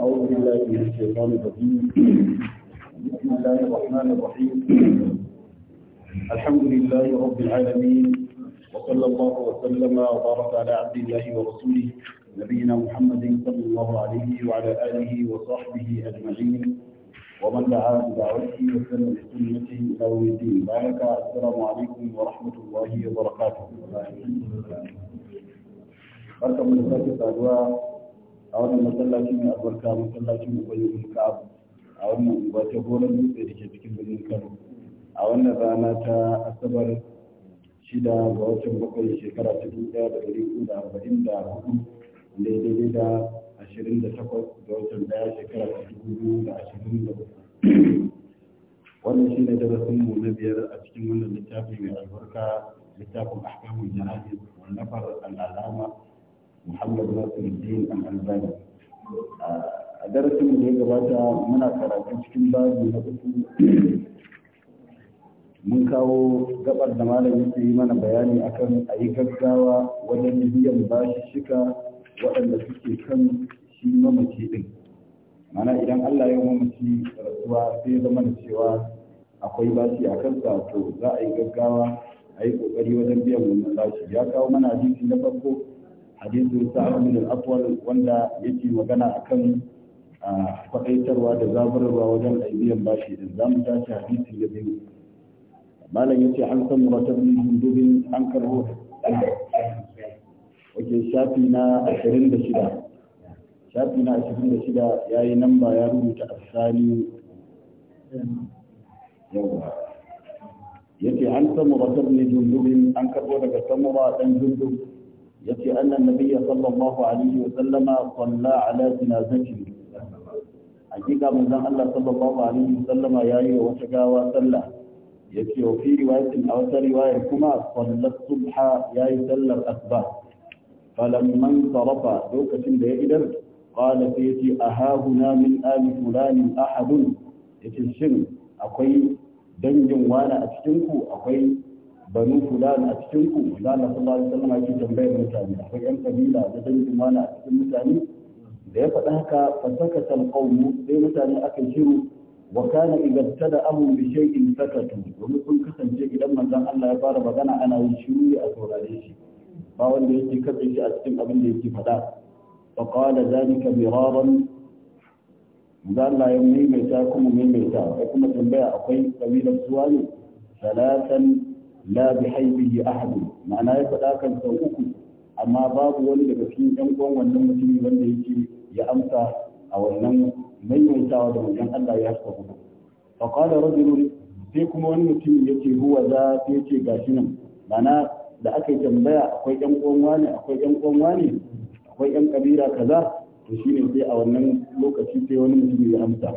أعوذ بالله من الشيطان الرجيم بسم الله الرحمن الرحيم الحمد لله رب العالمين وصلى الله وسلم وبارك على عبد الله ورسوله نبينا محمد صلى الله عليه وعلى آله وصحبه أجمعين ومن دعا بدعوته وسلم بسنته إلى يوم الدين بارك السلام عليكم ورحمة الله وبركاته. بركة من ساكت a wannan masallaci mai albarka masallacin ka abu? a wannan unguwa ta gonar dutse da ke cikin birnin kano a wannan rana ta asabar shida ga watan bakwai shekara ta dubu ɗaya da ɗari uku da arba'in da hudu da daidai da ashirin da takwas ga watan ɗaya shekara ta dubu biyu da ashirin da wannan shi ne darasinmu na biyar a cikin wannan littafi mai albarka littafin ahkamul jana'iz wallafar al'alama muhammad nasir din an albani a darasin da ya gabata muna karatu cikin babu na uku mun kawo gabar da malam yake yi mana bayani akan a yi gaggawa wajen biyan bashi shika waɗanda suke kan shi mamaci ɗin mana idan allah ya mamaci rasuwa sai ya zama da cewa akwai bashi a kansa to za a yi gaggawa a yi ƙoƙari wajen biyan wannan bashi ya kawo mana hadisi na farko hadisin sa'ad bin al-aswal wanda yake magana akan faɗaitarwa da zaburarwa wajen aibiyan bashi din zamu tashi hadisi ya biyu malam yace an san muratabin hundubin an karbo wake shafi na 26 shafi na 26 yayi namba ya rubuta asali yawa yace an san muratabin hundubin an karbo daga samuwa dan hundubin yace annan nabiyyi sallallahu alaihi wa sallama salla ala jinazati hakika manzon Allah sallallahu alaihi wa sallama yayi wa wata gawa sallah yace wa fi riwayatin aw ta riwaya kuma sallat subha yayi sallar asba falamman sarafa lokacin da ya idar qala a yace ahahuna min ali fulani ahadun yace shin akwai dangin wani a cikin ku akwai banu fulan a cikin ku manzo Allah sallallahu alaihi yake tambayar mutane akwai yan kabila da dangin wani a cikin mutane da ya faɗa haka fasaka tal qawmu sai mutane aka shiru wa kana idan tada amu bi shay'in sakatu domin sun kasance idan manzon Allah ya fara magana ana yin shiru a saurare shi ba wanda yake katse shi a cikin abin da yake faɗa fa qala zalika miraran manzo Allah ya maimaita kuma maimaita ai kuma tambaya akwai kabilar suwa ne salatan la bi haibihi ahad ma'ana ya faɗa kan sau uku amma babu wani daga cikin ɗan uwan wannan mutumin wanda yake ya amsa a wannan maimaitawa da wajen Allah ya sa hudu fa qala rajul sai kuma wani mutum yake huwa za sai yake gashi nan ma'ana da aka tambaya akwai ɗan uwan wani akwai ɗan uwan wani akwai ɗan kabila kaza to shine sai a wannan lokaci sai wani mutum ya amsa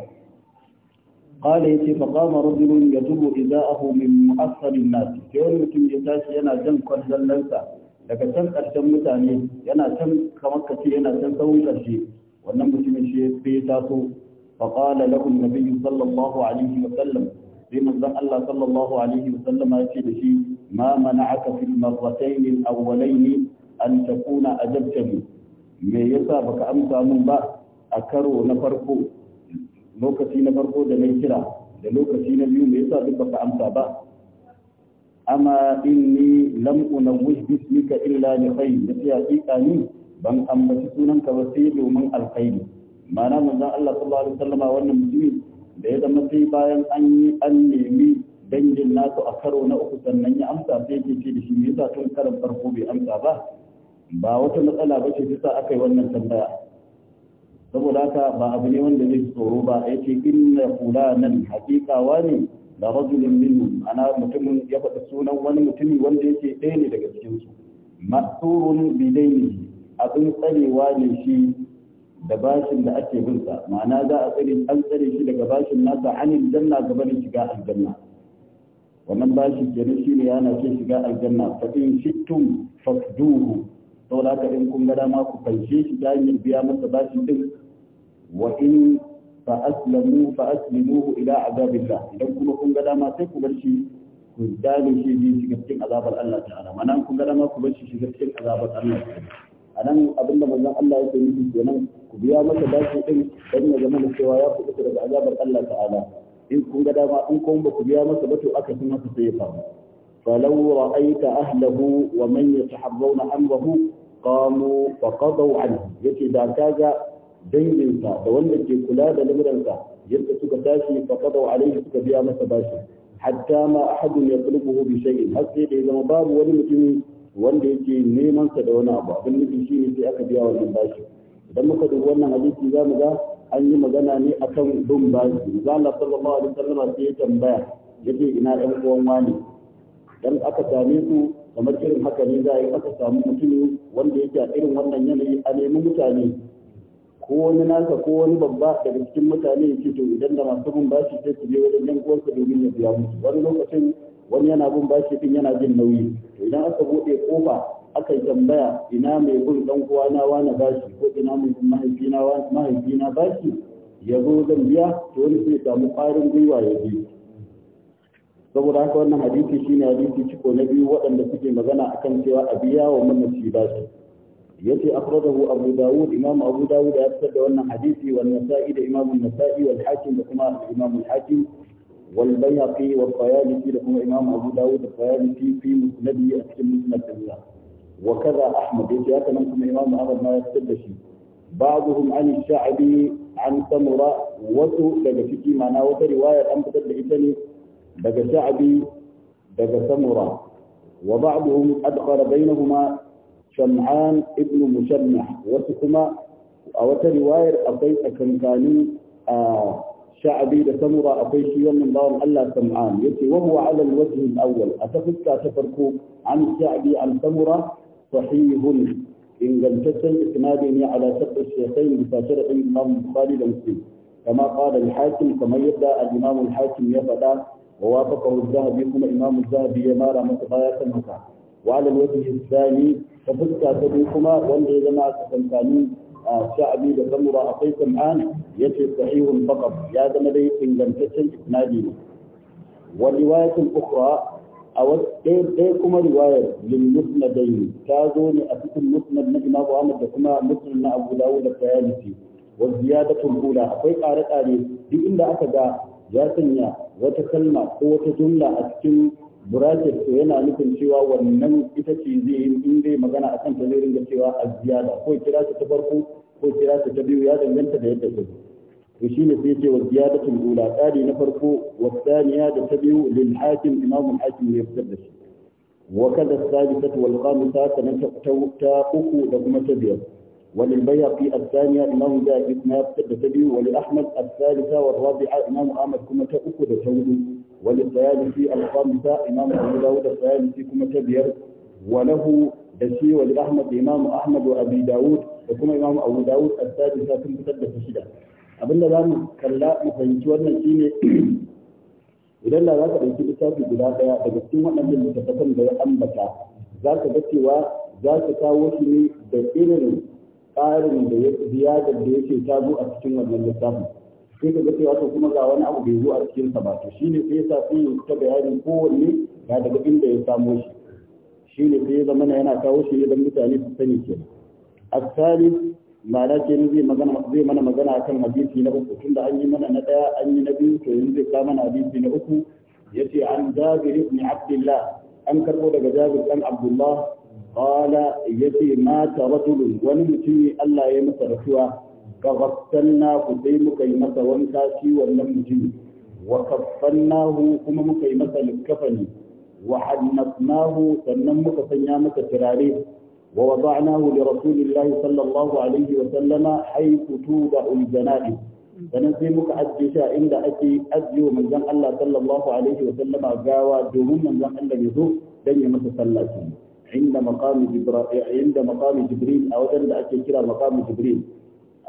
قال يتي فقام رجل يجر إذاءه من مؤثر الناس يوم mutum ya tashi yana jan kwallon daga can ƙarshen mutane yana can kamar kace yana can tsawon ƙarshe wannan mutumin shi bai taso فقال له النبي صلى الله عليه وسلم لمن ذا الله صلى الله عليه وسلم يقول شيء ما منعك في المرتين الأولين أن تكون أجبتني me yasa baka amsa mun ba a karo na farko lokaci na farko da nan kira da lokaci na biyu me yasa duk baka amsa ba amma inni lam unawwih bismika illa li khayr yace haƙiƙa ni ban ambaci sunan ka ba sai domin alkhairi mana manzon Allah sallallahu alaihi wasallama wannan mutumi da ya zama sai bayan an yi an nemi dangin nasu a karo na uku sannan ya amsa sai ke ce da shi me yasa tun karan farko bai amsa ba ba wata matsala ba ce ta aka yi wannan tambaya saboda haka ba abu ne wanda zai tsoro ba a ce inna nan hakika wani da rajulin minnu ana mutumin ya faɗi sunan wani mutumi wanda yake ɗaya ne daga cikin su masurun bidaini abin tsarewa ne shi da bashin da ake bin sa ma'ana za a tsare an tsare shi daga bashin nasa anil janna gaban shiga aljanna wannan ke kenan shine yana ce shiga aljanna fa in shittum fakduhu saboda haka in kun ga dama ku fanshe shi ta hanyar biya masa bashin din wa in fa aslamu ila azabillah idan kuma kun ga dama sai ku bar shi ku dale azabar Allah ta'ala mana kun ga dama ku bar shi shiga cikin azabar Allah anan abinda manzon Allah yake nufi kenan ku biya masa dace din dan ya zama cewa ya kuɓuta daga azabar Allah ta'ala in kun ga in ku biya masa ba to aka san masa sai ya faru فلو رأيت أهله ومن يتحرون أمره قاموا وقضوا عنه يتي ذاكاك danginsa da wanda ke kula da lamuransa yadda suka tashi fa wa alaihi suka biya masa bashi hatta ma ahadun yatlubuhu bi shay'in har sai da ya zama babu wani mutumi wanda yake neman sa da wani abu abin nufi shine sai aka biya wannan bashi idan muka dubi wannan hadisi za mu ga an yi magana ne akan bin bashi manzo Allah sallallahu alaihi wasallam sai ya tambaya yaje ina ɗan uwan wani dan aka same su kamar irin haka ne za a yi aka samu mutumi wanda yake a irin wannan yanayi a nemi mutane ko wani nasa ko wani babba daga cikin mutane ya ce to idan da masu bin bashi sai su je wajen yan uwansa domin ya biya musu wani lokacin wani yana bin bashi din yana jin nauyi to idan aka bude kofa aka tambaya ina mai bin dan na wani bashi ko ina mai bin mahaifina na bashi ya zo zan biya to wani sai samu ƙwarin gwiwa ya ji saboda haka wannan hadisi shine hadisi ciko na biyu waɗanda suke magana akan cewa a biya wa mamaci bashi يتي أخرجه أبو داود إمام أبو داود أبسد وأن حديثي والنسائي إمام النسائي والحاكم لكما الإمام الحاكم والبيهقي والطيالسي لكما إمام أبو داود الطيالسي في مسنده أكثر مسند الله وكذا أحمد يأتي هكذا إمام أبو ما يبسد شيء بعضهم عن الشعبي عن سمرة وسوء لقى معناه وترواية أنبتت إثني لقى شعبي لقى سمراء وبعضهم أدخل بينهما شمعان ابن مشمح وسكما وترواير أبي أكنكاني آه شعبي لسمرة أبي شيئا من دار ألا سمعان يتي وهو على الوجه الأول أتفكى تفركو عن شعبي عن سمرة صحيح إن لم تسل إسناده على سبع الشيخين بفاشرة الإمام البخاري ومسلم كما قال الحاكم كما يبدأ الإمام الحاكم يبدأ ووافقه الذهبي كما إمام الذهبي يمارى متغاية المكان ta وعلى الوجه الثاني ففتا تبيكما وان إذا ما تسمتاني sha'abi da zamura akwai sam'an ya ce sahihun faqat ya zama dai ingantaccen isnadi ne wa riwayatul ukhra a wasu ɗaya kuma riwayar lil musnadain ta zo ne a cikin musnad na Imam Ahmad da kuma musnad na Abu dawo da Tayyib wa ziyadatul ula akwai ƙare-ƙare duk inda aka ga ya sanya wata kalma ko wata jumla a cikin bracket to yana nufin cewa wannan ita ce zai yi in zai magana a kan zai ringa cewa a ziyada ko kira ta ta farko ko kira ta ta biyu ya danganta da yadda ta to shi ne sai ce wa ziyadatul ula tsari na farko wa thaniya da ta biyu lil hakim imamul hakim ya fitar da shi wa kada sabitatu wal qamisa ta ta uku da kuma ta biyar وللبيهقي الثانية إمام جاء إسناد تبتدي ولأحمد الثالثة والرابعة إمام أحمد كما تأكد تولي وللثالثي الخامسة إمام أبو داود الثالثي كما تبير وله دشي ولأحمد إمام أحمد وأبي داود وكما إمام أبو داود الثالثة كما تبتدي تشدة abinda za mu kalla mu fahimci wannan shine idan da za ka ɗauki littafi guda ɗaya daga cikin waɗannan littattafan da ya ambata za ka ga cewa za ka kawo shi ne da irin tsarin da ya ziyadar da yake ta zo a cikin wannan lissafin sai ka ga cewa to kuma ga wani abu ya zo a cikin sa ba to shine sai ya sa sai ta bayani kowanne ga daga inda ya samo shi shine sai ya zama yana kawo shi ne don mutane su sani kenan asali ma'ana ke zai magana zai mana magana akan hadisi na uku tunda an yi mana na daya an yi na biyu to yanzu zai kawo mana hadisi na uku yace an Jabir ibn Abdullah an karbo daga Jabir dan Abdullah qala yace mata rajulun wani mutumi Allah ya masa rasuwa fa ghassalna ku sai muka masa wanka shi wannan mutumi wa kuma muka masa likafani sannan muka sanya masa turare ووضعناه لرسول الله صلى الله عليه وسلم حيث توضع shi فنسي مك أجيشا عند أتي أجيو من زن الله صلى الله عليه وسلم أجاوى دوم من زن الله يزو دنيا مسسلاتي inda maqami jibril inda maqami jibril a wajen ake kira maqami jibril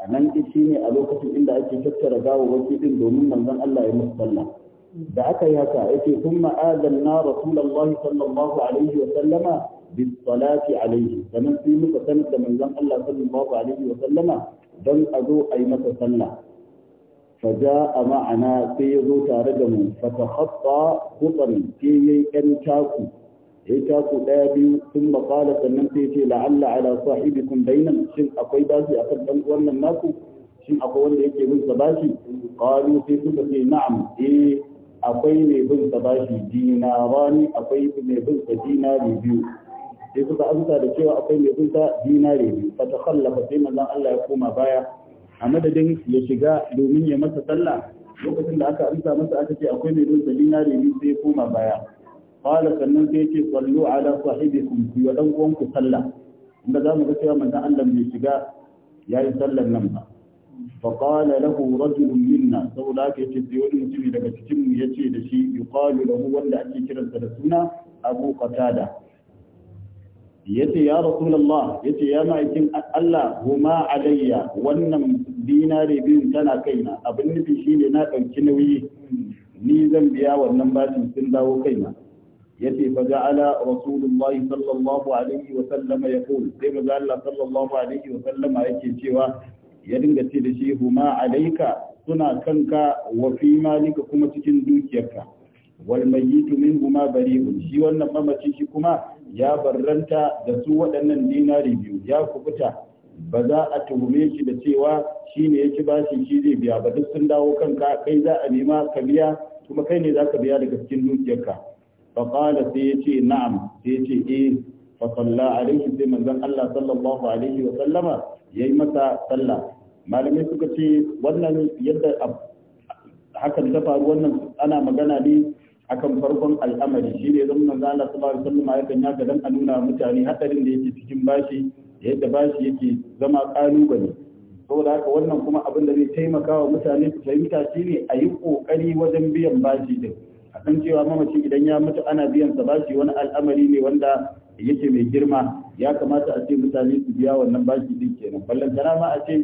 a nan shi ne a lokacin inda ake tattara gawawwaki din domin manzon Allah ya musu sallah da aka yi haka yace kuma azanna rasulullahi sallallahu alaihi wa sallama bis salati alaihi sannan sai muka sanar da manzon Allah sallallahu alaihi wa sallama dan a zo a yi masa sallah da ma'ana sai ya zo tare mu معنا ta تارجم فتخطى ke في يكن taku. ya yi taku ɗaya biyu sun maƙala sannan sai ce la'alla ala sahibi kun bainan shin akwai bashi a kan ɗan wannan naku shin akwai wanda yake bin sa bashi qalu sai suka ce na'am eh akwai mai bin sa bashi dinarani akwai mai bin sa dinari biyu sai suka amsa da cewa akwai mai bin sa dinari biyu fa takhallafa sai manzon Allah ya koma baya a madadin ya shiga domin ya masa sallah lokacin da aka amsa masa aka ce akwai mai bin sa dinari biyu sai ya koma baya qala sannan sai yace sallu ala sahibikum ku wa dan uwan ku sallah inda za mu ga cewa manzon Allah bai shiga yayi sallar nan ba fa qala lahu rajulun minna saboda yace sai daga cikin mu yace da shi yuqalu lahu wanda ake kiransa da suna Abu Qatada yace ya rasulullah yace ya ma'aikin Allah huma alayya wannan dinari biyun tana kaina abin nufi shine na dauki nauyi ni zan biya wannan bashin sun dawo kaina yace fa ala rasulullahi sallallahu alaihi wa sallama yaqul sai ga Allah sallallahu alaihi wa sallama yake cewa ya dinga ce da shi huma alaika suna kanka wa fi malika kuma cikin dukiyarka wal mayyitu bari bari'un shi wannan mamaci shi kuma ya barranta da su waɗannan dinari biyu ya kubuta ba za a tuhume shi da cewa shi ne ya ci bashi shi zai biya ba duk sun dawo kanka kai za a nema ka biya kuma kai ne za ka biya daga cikin dukiyarka فقال سيتي نعم سيتي إيه فصلى عليه في منزل الله صلى الله عليه وسلم يمتى صلى malamai suka ce wannan yadda hakan ta faru wannan ana magana ne akan farkon al'amari shi ne zan manzo Allah sallallahu alaihi wasallam yakan ya a nuna mutane hadarin da yake cikin bashi da yadda bashi yake zama kalubale saboda haka wannan kuma abin da zai taimaka wa mutane su fahimta shi ne a yi kokari wajen biyan bashi din a san cewa mamaci idan ya mutu ana biyan sa bashi wani al'amari ne wanda yake mai girma ya kamata a ce mutane su biya wannan bashi din kenan ballan tana ma a ce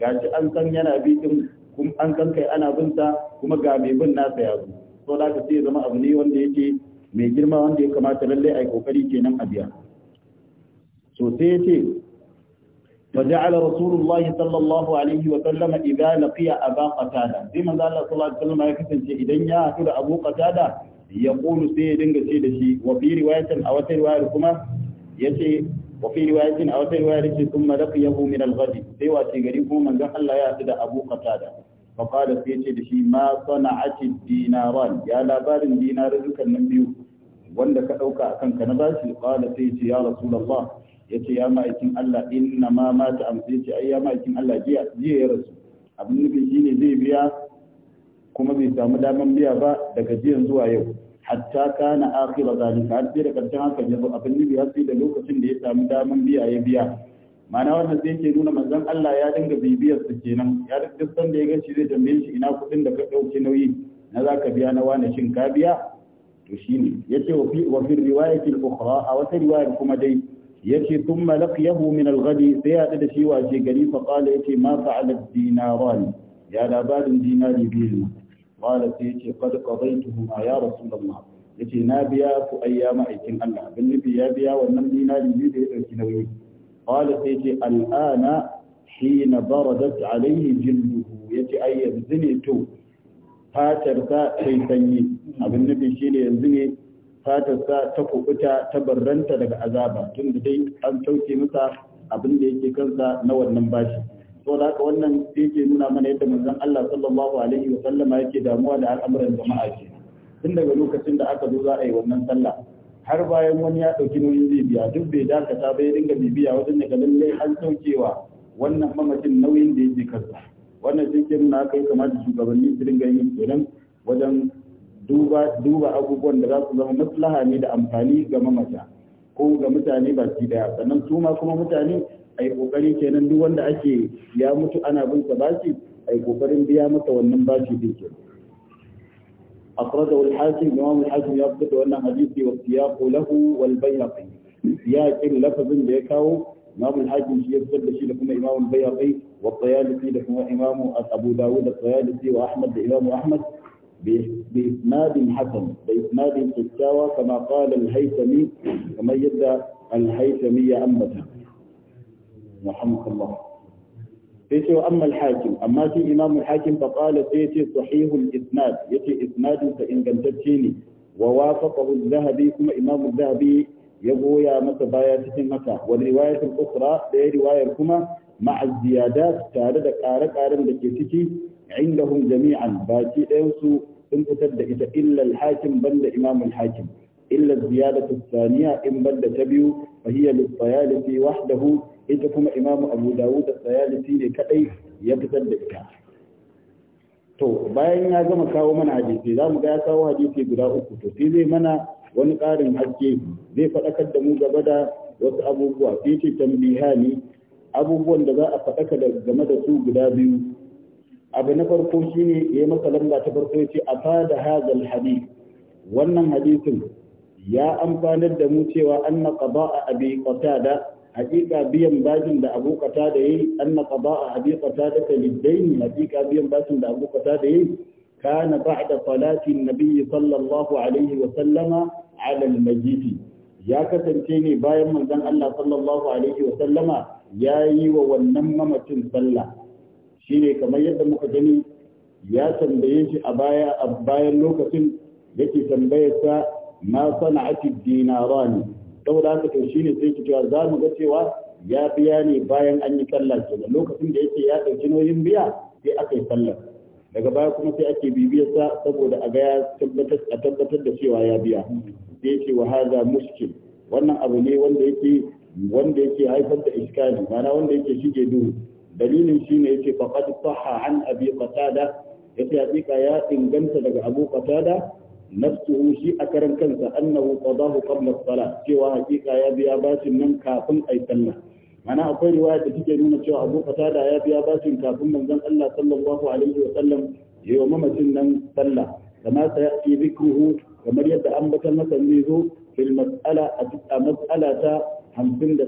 gashi an san yana bi din kuma an san kai ana bin sa kuma ga mai bin nasa ya zo to da ka sai zama abu ne wanda yake mai girma wanda ya kamata lalle ai kokari kenan a biya so sai yace فجعل رسول الله صلى الله عليه وسلم إذا لقي أبا قتادة زي ما قال الله صلى الله عليه وسلم يكتن شيء إذن يا أبو قتادة يقول سيدن قتيد شيء وفي رواية أو رواية كما يشي وفي رواية أو رواية ثم لقيه من الغد سي واتي قريبه من قال لا يأتد أبو قتادة فقال سيدن شيء ما صنعت الديناران يا لابار دينار ذكر النبي wanda ka ɗauka a kanka na bashi ƙwada sai ce ya rasulallah ya ce ya ma'aikin Allah inna ma mata amsa ya ce ai ya ma'aikin Allah jiya ya rasu abin nufin ne zai biya kuma bai samu daman biya ba daga jiyan zuwa yau hatta kana akhira zalika har sai da karshen hakan ya zo abin nufi har sai da lokacin da ya samu daman biya ya biya ma'ana wannan sai ke nuna manzon Allah ya dinga bibiyar su kenan ya duk san da ya ga shi zai tambaye shi ina kuɗin da ka ɗauke nauyi na ka biya na wani shin ka biya to shine yace wa fi riwayatil ukhra a wata riwayar kuma dai yace thumma laqiyahu min al-ghadi sai ya da shi wace gari fa qala yace ma fa'ala dinaran ya labarin dinari biyu qala sai yace qad qadaytuhu ya rasulullah yace na biya ku ayyama aikin Allah abin nufi ya biya wannan dinari biyu da ya dauki nauyi qala sai yace al'ana hina baradat alayhi jilduhu yace ai yanzu ne to fatar ta sai sanyi abin nufi shine yanzu ne fatarsa ta kubuta ta barranta daga azaba tun da dai an sauke masa abin da yake kansa na wannan bashi da haka wannan yake nuna mana yadda manzon Allah sallallahu alaihi wa sallama yake damuwa da al'amuran jama'a ke tun daga lokacin da aka zo za a yi wannan sallah har bayan wani ya dauki nauyin bibiya duk bai dakata bai dinga bibiya wajen daga lallai an saukewa wannan mamacin nauyin da yake kansa wannan shi ke nuna haka ya kamata shugabanni su dinga yin kenan wajen duba duba abubuwan da za su zama maslaha ne da amfani ga mamata ko ga mutane baki daya sannan su ma kuma mutane ai kokari kenan duk wanda ake ya mutu ana bin sa bashi ai kokarin biya masa wannan bashi din kenan أخرجه الحاكم إمام الحاكم يثبت shi حديثي والسياق له والبيهقي سياق لفظ بيكاو إمام الحاكم يثبت شيء لكم إمام البيهقي والطيالسي لكم da أبو wa Ahmad da لإمام Ahmad. بإسناد حسن بإسناد كتاوى كما قال الهيثمي كما يدى الهيثمي أمته رحمك الله فيتو أما الحاكم أما في إمام الحاكم فقال فيتي صحيح الإسناد يتي إسناد فإن قمتتيني ووافقه الذهبي كما إمام الذهبي يبويا متى بايات متى والرواية الأخرى هي رواية كما مع الزيادات تاردك آرك آرم لكيتكي عندهم جميعا باتي أوسو sun fitar da ita illal hakim banda imamul hakim illa ziyadatu thaniya in banda ta biyu fa hiya lis-sayalisi wahdahu ita kuma imam abu dawud as-sayalisi ne kadai ya fitar da ita to bayan ya gama kawo mana hadisi za mu ga ya kawo hadisi guda uku to sai zai mana wani ƙarin haske zai faɗakar da mu gaba da wasu abubuwa sai ce ne abubuwan da za a faɗaka game da su guda biyu abu na farko shine ya yi masa lamba ta farko ya ce a da hazal hadith wannan hadisin ya amfanar da mu cewa an anna qada'a abi qatada haƙiƙa biyan bashin da abu qatada yayi anna a abi qatada ta liddaini haƙiƙa biyan bashin da abu qatada yayi kana ba'da salati an-nabi sallallahu alaihi wa sallama ala al-majid ya kasance ne bayan manzon Allah sallallahu alaihi wa sallama yayi wa wannan mamacin sallah shine kamar yadda muka gani ya tambaye shi a baya a bayan lokacin yake tambayar sa ma sana'ati dinarani saboda haka to shine sai ki cewa za mu ga cewa ya biya ne bayan an yi sallah da lokacin da yake ya ɗauki nauyin biya sai aka yi sallah daga baya kuma sai ake bibiyar sa saboda a ga tabbatar a tabbatar da cewa ya biya sai yace wa hadha muskil wannan abu ne wanda yake wanda yake haifar da iskali ma'ana wanda yake shige duhu dalilin shine yace faqad sahha an abi qatada yace hakika ya inganta daga abu qatada nafsuhu shi a karan kansa annahu qadahu qabla as-salat cewa hakika ya biya bashin nan kafin ai sallah mana akwai riwaya da take nuna cewa Abu Qatada ya biya bashin kafin manzon Allah sallallahu alaihi wa sallam ya yi mamacin nan sallah kama ta yi zikruhu kamar yadda an batar masa zai zo fil mas'ala a mas'ala ta 51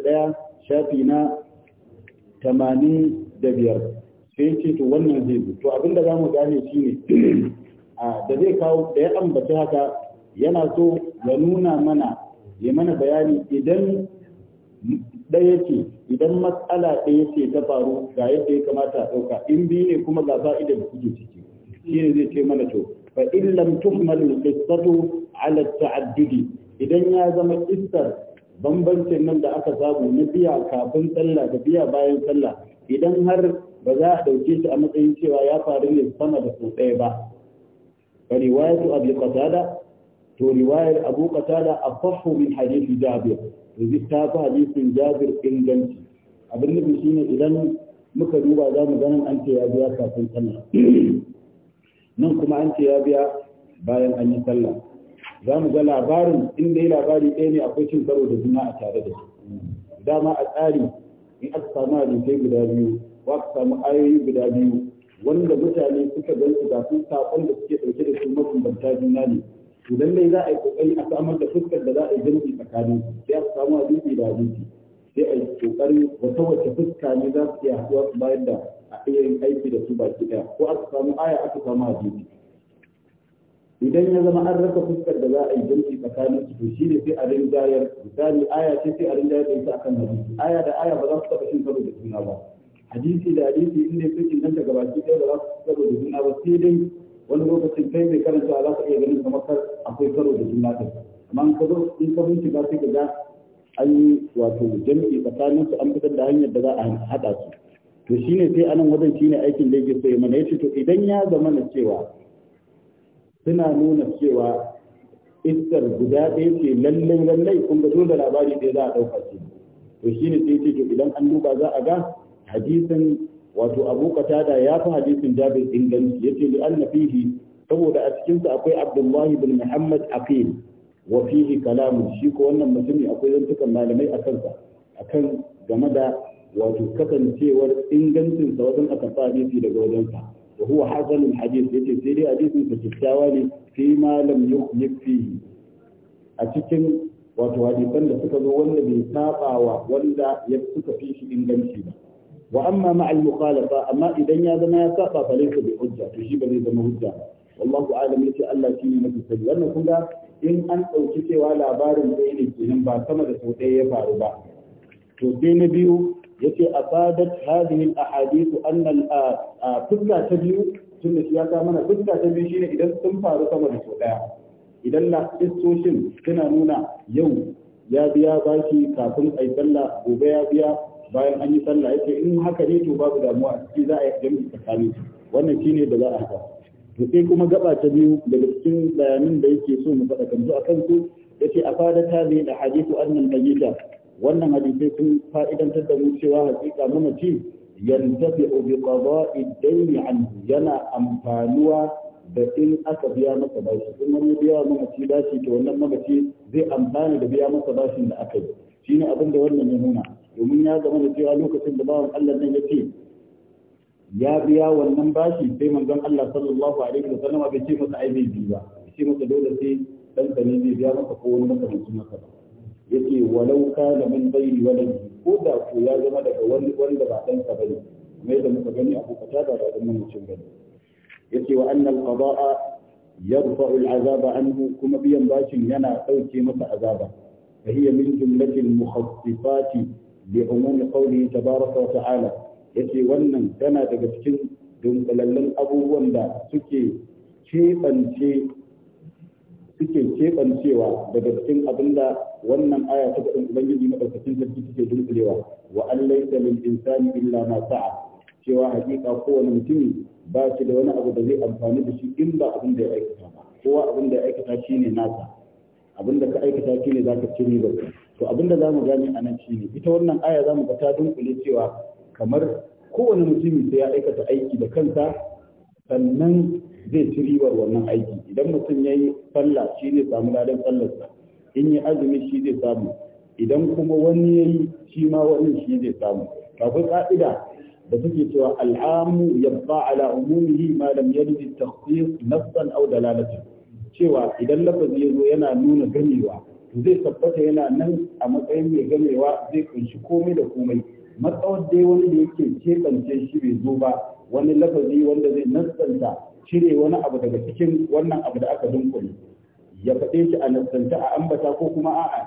shafi na tamanin da biyar sai ce to wannan zai zo to abinda za mu gane shi ne da zai kawo da ya ambaci haka yana so ya nuna mana ya mana bayani idan ɗaya ce idan matsala ɗaya ce ta faru ga yadda ya kamata a ɗauka in biyu ne kuma ga fa'ida da kuke ciki shi ne zai ce mana to fa in lam tuhmal qissatu ala at idan ya zama qissar bambancin nan da aka samu na biya kafin sallah da biya bayan sallah idan har ba za a ɗauke shi a matsayin cewa ya faru ne sama da sau ɗaya ba fa su abu qatada to riwayar abu qatada afahu min hadisi jabir yanzu ta fi hadisin jabir inganci abin nufi shine idan muka duba za mu ganin an ce ya biya kafin sallah nan kuma an ce ya biya bayan an yi sallah za mu ga labarin in dai labari ɗaya ne akwai cin karo da juna a tare da su dama a tsari in aka samu hadisai guda biyu ko aka samu ayoyi guda biyu wanda mutane suka gan su ga sun saƙon da suke ɗauke da su mabambanta juna ne to lallai za a yi ƙoƙari a samar da fuskar da za a yi jami'i tsakanin sai aka samu hadisi da hadisi sai a yi ƙoƙari wata wacce fuska ne za su iya haɗuwa su bayar da a iya yin aiki da su baki ɗaya ko aka samu aya aka samu hadisi idan ya zama an rasa fuskar da za a yi jam'i tsakanin su to shine sai a rinjayar misali aya ce sai a rinjayar da ita akan hadisi aya da aya ba za su taɓa cin karo da juna ba hadisi da hadisi in dai sukin nan daga baki ɗaya ba za su karo da juna ba sai dai wani lokacin kai mai karanta za ka iya ganin kamar akwai karo da juna ta amma ka zo in ka bincika sai ka ga an yi wato jam'i tsakanin su an fitar da hanyar da za a haɗa su to shine sai anan wajen shine aikin da yake so ya mana yace to idan ya zama na cewa suna nuna cewa iskar guda ɗaya ce lallai lallai kun ga dole labari ɗaya za a ɗauka ce to ne sai ce to idan an duba za a ga hadisin wato abu qatada ya fi hadisin jabir inganci yace li anna saboda a cikinsa akwai abdullahi bin muhammad aqil wa fihi kalamu shi ko wannan mutumi akwai zantukan malamai a kansa akan game da wato kasancewar ingancinsa wajen aka sa hadisi daga wajensa wa huwa hasanul hadith yace sai dai hadisin sa kyakkyawa ne fi ma lam yukhlif a cikin wato hadisan da suka zo wanda bai saba wa wanda ya suka fi shi inganci ba wa amma ma al mukhalafa amma idan ya zama ya saba fa bai hujja to shi ba zai zama hujja ba wallahu alam yace Allah shine mafi sani wannan kun in an ɗauki cewa labarin ɗaya ne kenan ba sama da sau ɗaya ya faru ba to sai na biyu yace afadat hadhihi al-ahadith anna al-fuska ta biyu tunda ya ka mana fuska ta biyu shine idan sun faru sama da sau daya idan na istoshin suna nuna yau ya biya bashi kafin a yi sallah gobe ya biya bayan an yi sallah yace in haka ne to babu damuwa a ciki za a yi jami'i tsakani wannan shine da za a haka to sai kuma gaba ta biyu daga cikin bayanin da yake so mu faɗa kanzu a su yace afadat hadhihi al-ahadith annan al-mayyita wannan hadisai sun fa'idantar da mu cewa hakika mamaci yantafi'u bi qada'i ad-dayn anhu yana amfanuwa da in aka biya masa bashi in wani biya mamaci bashi to wannan mamaci zai amfana da biya masa bashin da aka yi shine abin da wannan ya nuna domin ya zama da cewa lokacin da bawan Allah nan yake ya biya wannan bashi sai manzon Allah sallallahu alaihi wasallam bai ce masa ai bai biya ba ce masa dole sai dan sani zai biya masa ko wani masa ba yace walau kana min ghairi waladi ko da ko ya zama daga wani wanda ba dan ka bane mai da muka gani abu kata da ba dan mutum bane ce wa anna qadaa yarfa'u al anhu kuma biyan bashin yana dauke masa azaba fa hiya min jumlati al-mukhaffifati li umumi qawlihi tabaraka wa ta'ala yace wannan tana daga cikin dunkulallen abubuwan da suke keɓance suke keɓancewa daga cikin abin da wannan aya ta faɗin ubangiji maɗaukacin sarki suke dunkulewa wa allai laisa lil insani illa ma sa'a cewa hakika kowane mutumi ba shi da wani abu da zai amfani da shi in ba abin da ya aikata ba kowa abin da ya aikata shine nasa abin da ka aikata shine zaka ci ba to abin da zamu gane a nan shine ita wannan aya zamu ga ta dunkule cewa kamar kowane mutumi sai ya aikata aiki da kansa sannan zai ci wannan aiki idan mutum ya yi sallah shi zai samu ladan sallarsa in yi azumi shi zai samu idan kuma wani ya yi shi ma wani shi zai samu kafin ka'ida da suke cewa al'amu ya ba ala umumihi ma lam yajid takhsis nassan aw dalalatan cewa idan lafazi ya zo yana nuna gamewa zai tabbata yana nan a matsayin mai gamewa zai kunshi komai da komai matsawar dai wani da yake kebance shi bai zo ba wani lafazi wanda zai nassanta cire wani abu daga cikin wannan abu da aka dunkule ya faɗe shi a nasanta a ambata ko kuma a'a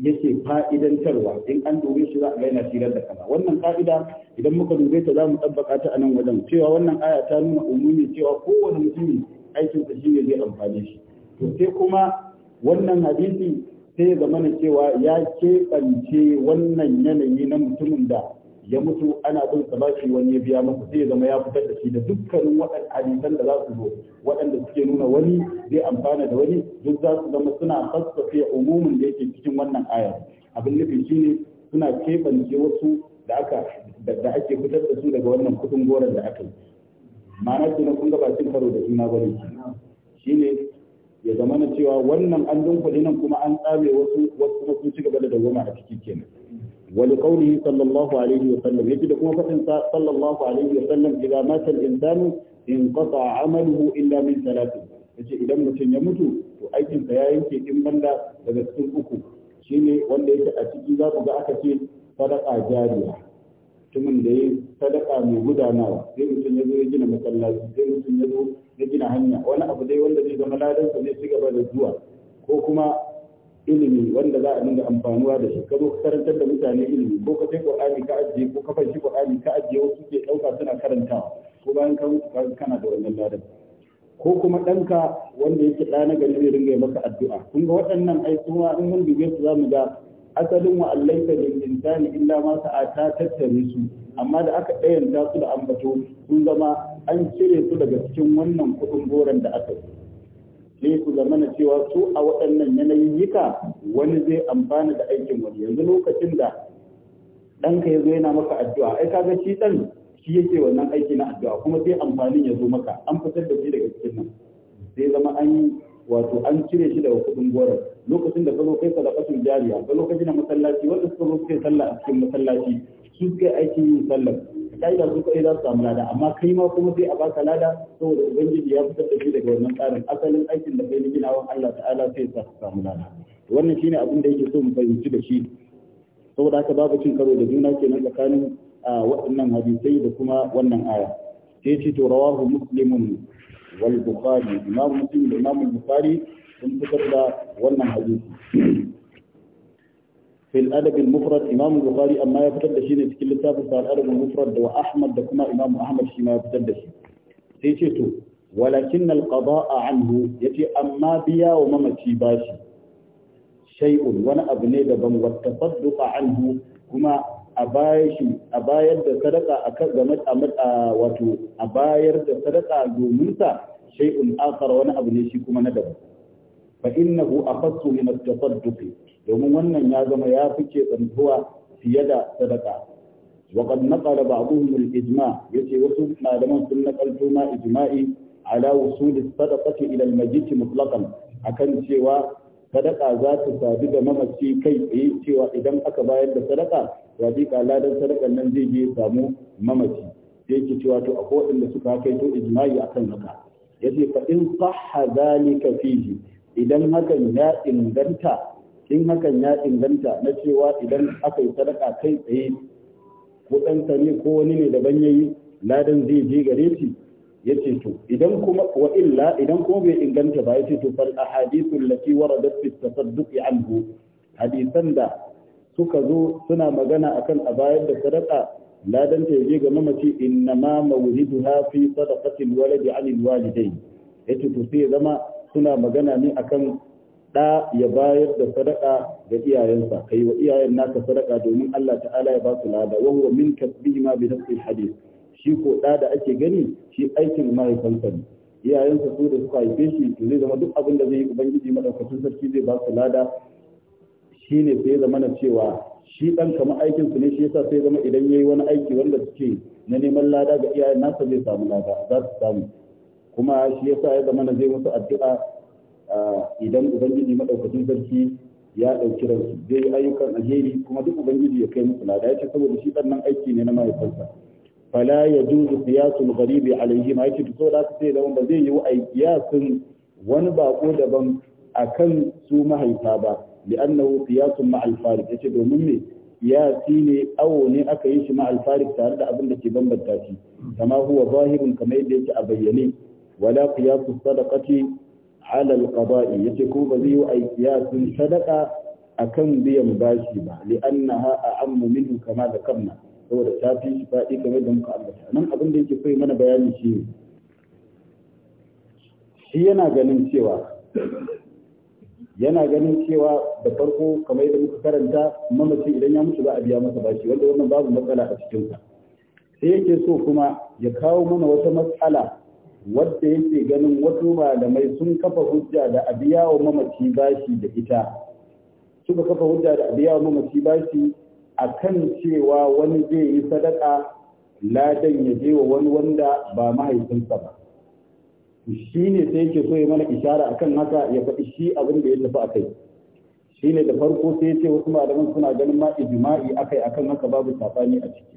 yake fa'idantarwa in an dube shi za a ga yana tirar da kaza wannan ka'ida idan muka dube ta za mu tabbaka ta a nan wajen cewa wannan aya ta nuna umumi cewa kowane mutum aikin sa ne zai amfane shi to sai kuma wannan hadisi sai ya zamana cewa ya keɓance wannan yanayi na mutumin da ya mutu ana bin sa wani ya biya masa sai ya zama ya fitar da shi da dukkanin waɗanda hadisan da za su zo waɗanda suke nuna wani zai amfana da wani duk za su zama suna fassafe umumin da yake cikin wannan aya abin nufin ne suna keɓance wasu da aka da ake fitar da su daga wannan kudin goron da aka yi ma'ana kenan kun ga ba cin karo da juna ba ne shine ya zama na cewa wannan an dunkule nan kuma an tsame wasu wasu sun ci gaba da dawoma a ciki kenan ولقوله صلى الله عليه وسلم يجد كما فقط صلى الله عليه وسلم إذا مات الإنسان انقطع عمله إلا من ثلاثة yace idan mutum ya mutu to aikinsa ya yanke in banda daga cikin uku shine wanda yake a ciki za ku ga aka ce sadaka jariya mutumin da ya sadaka mai gudanawa sai mutum ya zo ya gina masallaci sai mutum ya zo ya gina hanya wani abu dai wanda zai zama ladan zai ci gaba da zuwa ko kuma ilimi wanda za a dinga amfanuwa da shi ka zo karantar da mutane ilimi ko ka sai qur'ani ka ajiye ko ka fanshi qur'ani ka ajiye wasu ke dauka suna karantawa ko bayan ka kana da wannan ladan ko kuma ɗanka wanda yake ɗa na gari zai dinga maka addu'a kun ga waɗannan ai kuma in mun dube su zamu ga asalin wa allaita lil insani illa ma sa'ata tattare su amma da aka ɗayanta su da ambato sun zama an cire su daga cikin wannan kuɗin goron da aka yi sai ku zamana cewa su a waɗannan yanayin yika wani zai amfana da aikin wani yanzu lokacin da ɗanka ya zo yana maka addu'a ai kaga shi ɗan shi yake wannan aiki na addu'a kuma sai amfanin ya zo maka an fitar da shi daga cikin nan sai zama an yi wato an cire shi daga kuɗin goron lokacin da ka zo kai sadaqatul jariya ka lokacin da masallaci wanda suka zo suke sallah a cikin masallaci su suke aikin yin sallah ka'ida su kai za su samu lada amma kai ma kuma sai a baka lada saboda ubangiji ya fitar da shi daga wannan tsarin asalin aikin da bai na ginawa Allah ta'ala sai ya samu lada wannan shine abin da yake so mu fahimci da shi saboda haka babu cin karo da juna kenan tsakanin waɗannan hadisai da kuma wannan aya sai ce to rawahu muslimun wal bukhari imam muslim da imam bukhari sun fitar da wannan hadisi في الأدب المفرد إمام البخاري أما يفتد شيء في كل كتاب الأدب المفرد وأحمد دكما إمام أحمد شيء ما يفتد شيء سيشتو ولكن القضاء عنه يتي أما بيا وما باشي شيء وأنا أبني دبم والتصدق عنه كما أبايش أباير صدقة أكرمت أمد واتو أباير صدقة دومنسا شيء آخر وأنا أبني شيء كما ندبم fa innahu akhassu min at-tasadduq domin wannan ya zama ya ke tsantuwa fiye da sadaka wa qad naqala ba'dhum al-ijma' yace wasu malaman sun nakalto ma ijma'i ala wusul as-sadaqati ila al-majid mutlaqan akan cewa sadaka za ta sadu da mamaci kai tsaye cewa idan aka bayar da sadaka rafiƙa ladan sadakan nan zai je samu mamaci sai ke cewa to akwai waɗanda suka kai to ijma'i akan haka yace fa in sahha zalika fihi idan hakan ya inganta in hakan ya inganta na cewa idan aka yi sadaka kai tsaye ko ɗan ne ko wani ne daban yayi ladan zai je gare shi yace to idan kuma wa illa idan kuma bai inganta ba yace to fal ahadithu allati waradat fi tasadduq anhu hadisan da suka zo suna magana akan a bayar da sadaka ladan ta je ga mamaci ma mawhiduha fi sadaqati alwaladi walidai walidayn yace to sai zama suna magana ne akan ɗa ya bayar da sadaka ga iyayensa kai wa iyayen naka sadaka domin Allah ta'ala ya ba su lada wa huwa min kasbihi ma bi nafsi hadith shi ko ɗa da ake gani shi aikin mahaifansa ne iyayensa su da suka haife shi to zai zama duk abin da zai yi ubangiji madaukakin sarki zai ba su lada shine sai ya zama na cewa shi dan kama aikin su ne shi yasa sai zama idan yayi wani aiki wanda suke na neman lada ga iyayen nasa zai samu lada za su samu kuma shi yasa ya zama zai musu addu'a idan ubangiji madaukakin sarki ya ɗauki ransu zai yi ayyukan alheri kuma duk ubangiji ya kai musu lada ya ce saboda shi ɗan aiki ne na mahaifarsa fala ya juzu qiyasul gharibi alayhi ma yake to da sai da ba zai yi ai qiyasin wani bako daban akan su mahaifa ba li'annahu qiyasun ma'al farid yace domin me qiyasi ne awo ne aka yi shi ma'al farid tare da abin da ke bambanta shi kama huwa zahirun kamar yadda yake a bayyane wala qiyasu sadaqati ala alqada'i yace ko ba zai yi ai qiyasun sadaqa akan biyan bashi ba li'annaha a'ammu minhu kama da kamna saboda ta fi shi faɗi kamar da muka ambata nan abin da yake so mana bayani shi ne shi yana ganin cewa yana ganin cewa da farko kamar da muka karanta mamaci idan ya mutu za a biya masa bashi wanda wannan babu matsala a cikin ka sai yake so kuma ya kawo mana wata matsala Wanda yake ganin wasu malamai sun kafa hujja da abiya wa mamaci bashi da ita suka kafa hujja da abiya wa mamaci bashi akan cewa wani zai yi sadaka ladan ya je wa wani wanda ba mahaifinsa ba shi ne sai yake so ya mana ishara akan haka ya faɗi shi abin da ya tafi a kai shi ne da farko sai ya ce wasu malaman suna ganin ma ijma'i akai akan haka babu safani a ciki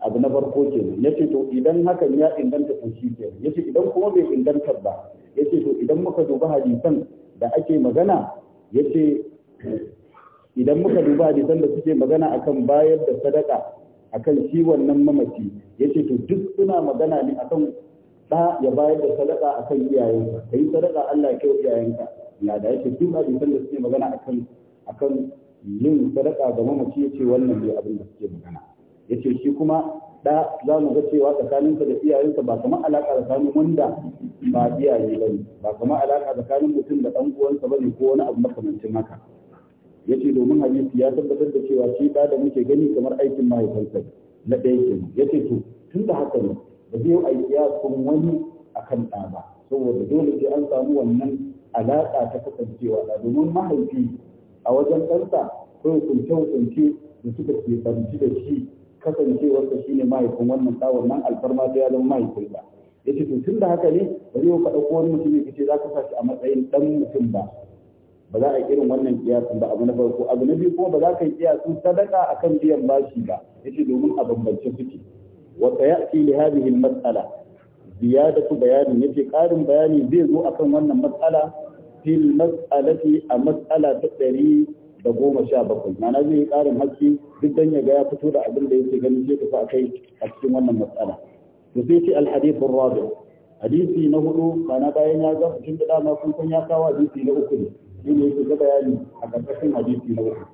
abu na farko ya yace to idan hakan ya inganta kunshi ke ya ce idan kuma bai inganta ba yace to idan muka duba hadisan da ake magana ce idan muka duba hadisan da suke magana akan bayar da sadaka akan shi wannan mamaci yace to duk suna magana ne akan da ya bayar da sadaka akan iyayenka kai sadaka Allah ya kai iyayenka ya da yake duk hadisan da suke magana akan akan yin sadaka ga mamaci yace wannan bai abin da suke magana yace shi kuma da za mu ga cewa tsakaninsa da iyayensa ba kamar alaka tsakanin wanda ba iyaye bane ba kamar alaka tsakanin mutum da dan uwansa ne ko wani abu makamancin haka yace domin hadisi ya tabbatar da cewa shi ɗa da muke gani kamar aikin mahaifinsa na ɗaya Ya yace to tun da haka ne ba zai yi kun wani akan ɗa ba saboda dole sai an samu wannan alaƙa ta kasancewa da domin mahaifi a wajen ɗansa ko hukunce hukunce da suka ke da shi kasancewarsa shine mahaifin wannan tsawon nan alfarma ta ya zama mahaifinsa ya ce tun da haka ne bari ka ɗauko wani mutum ya ce za ka sashi a matsayin ɗan mutum ba ba za a yi irin wannan kiyasin ba abu na farko abu na biyu kuma ba za ka yi kiyasin sadaka akan biyan bashi ba yace domin a bambance suke wa sayati li hadhihi al-mas'ala ziyadatu bayanin yace ƙarin bayani zai zo akan wannan matsala. fil mas'alati a matsala ta ɗari da goma sha bakwai mana zai yi ƙarin haske duk dan ya ga ya fito da abin da yake ganin zai tafi a kai a cikin wannan matsala to sai ce rabi hadisi na hudu mana bayan ya ga mutum da dama kun san ya kawo hadisi na uku ne shi ne yake ga bayani a ƙarƙashin hadisi na uku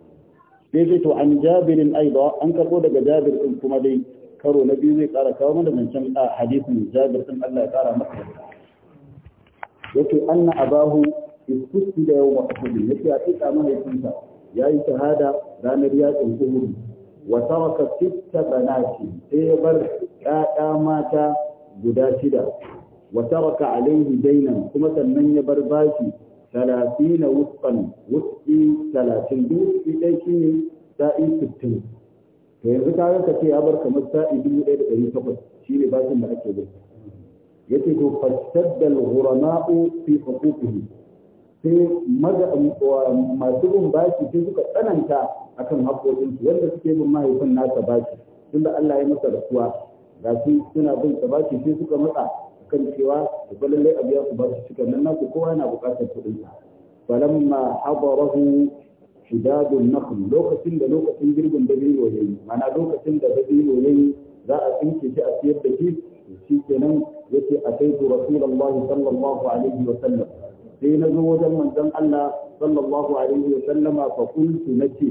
sai ce to an jabirin aida an karɓo daga jabir ɗin kuma dai karo na biyu zai ƙara kawo mana zancen hadisin jabir ɗin Allah ya ƙara masa yake anna abahu iskusti da yau ma ya yake a tsika mahaifinsa ya yi shahada ranar yakin uhud wa taraka sitta banati sai ya bar ƴaƴa mata guda shida wa taraka alaihi dainan kuma sannan ya bar bashi talatin wusqan wusqi talatin duk dai shine sa'i sittin to yanzu ka ka ce ya bar kamar sa'i dubu ɗaya da ɗari takwas shine bashin da ake bai yace to fastadda al-ghurama fi huquqihi sai masu bin baki sai suka tsananta akan haƙoƙinsu wanda suke bin mahaifin nasa bashi da Allah ya masa rasuwa ga su suna bin sa baki sai suka matsa kan cewa da lallai abu ya su bashi suka nan nasu kowa yana buƙatar kuɗin sa falamma hadarahu shidadun nakhl lokacin da lokacin girbin ya yi mana lokacin da ya yayi za a tsinke shi a siyar da shi shi kenan yace su rasulullahi sallallahu alaihi wa sallam sai na zo wajen manzon Allah sallallahu alaihi wa sallama fa kuntu nace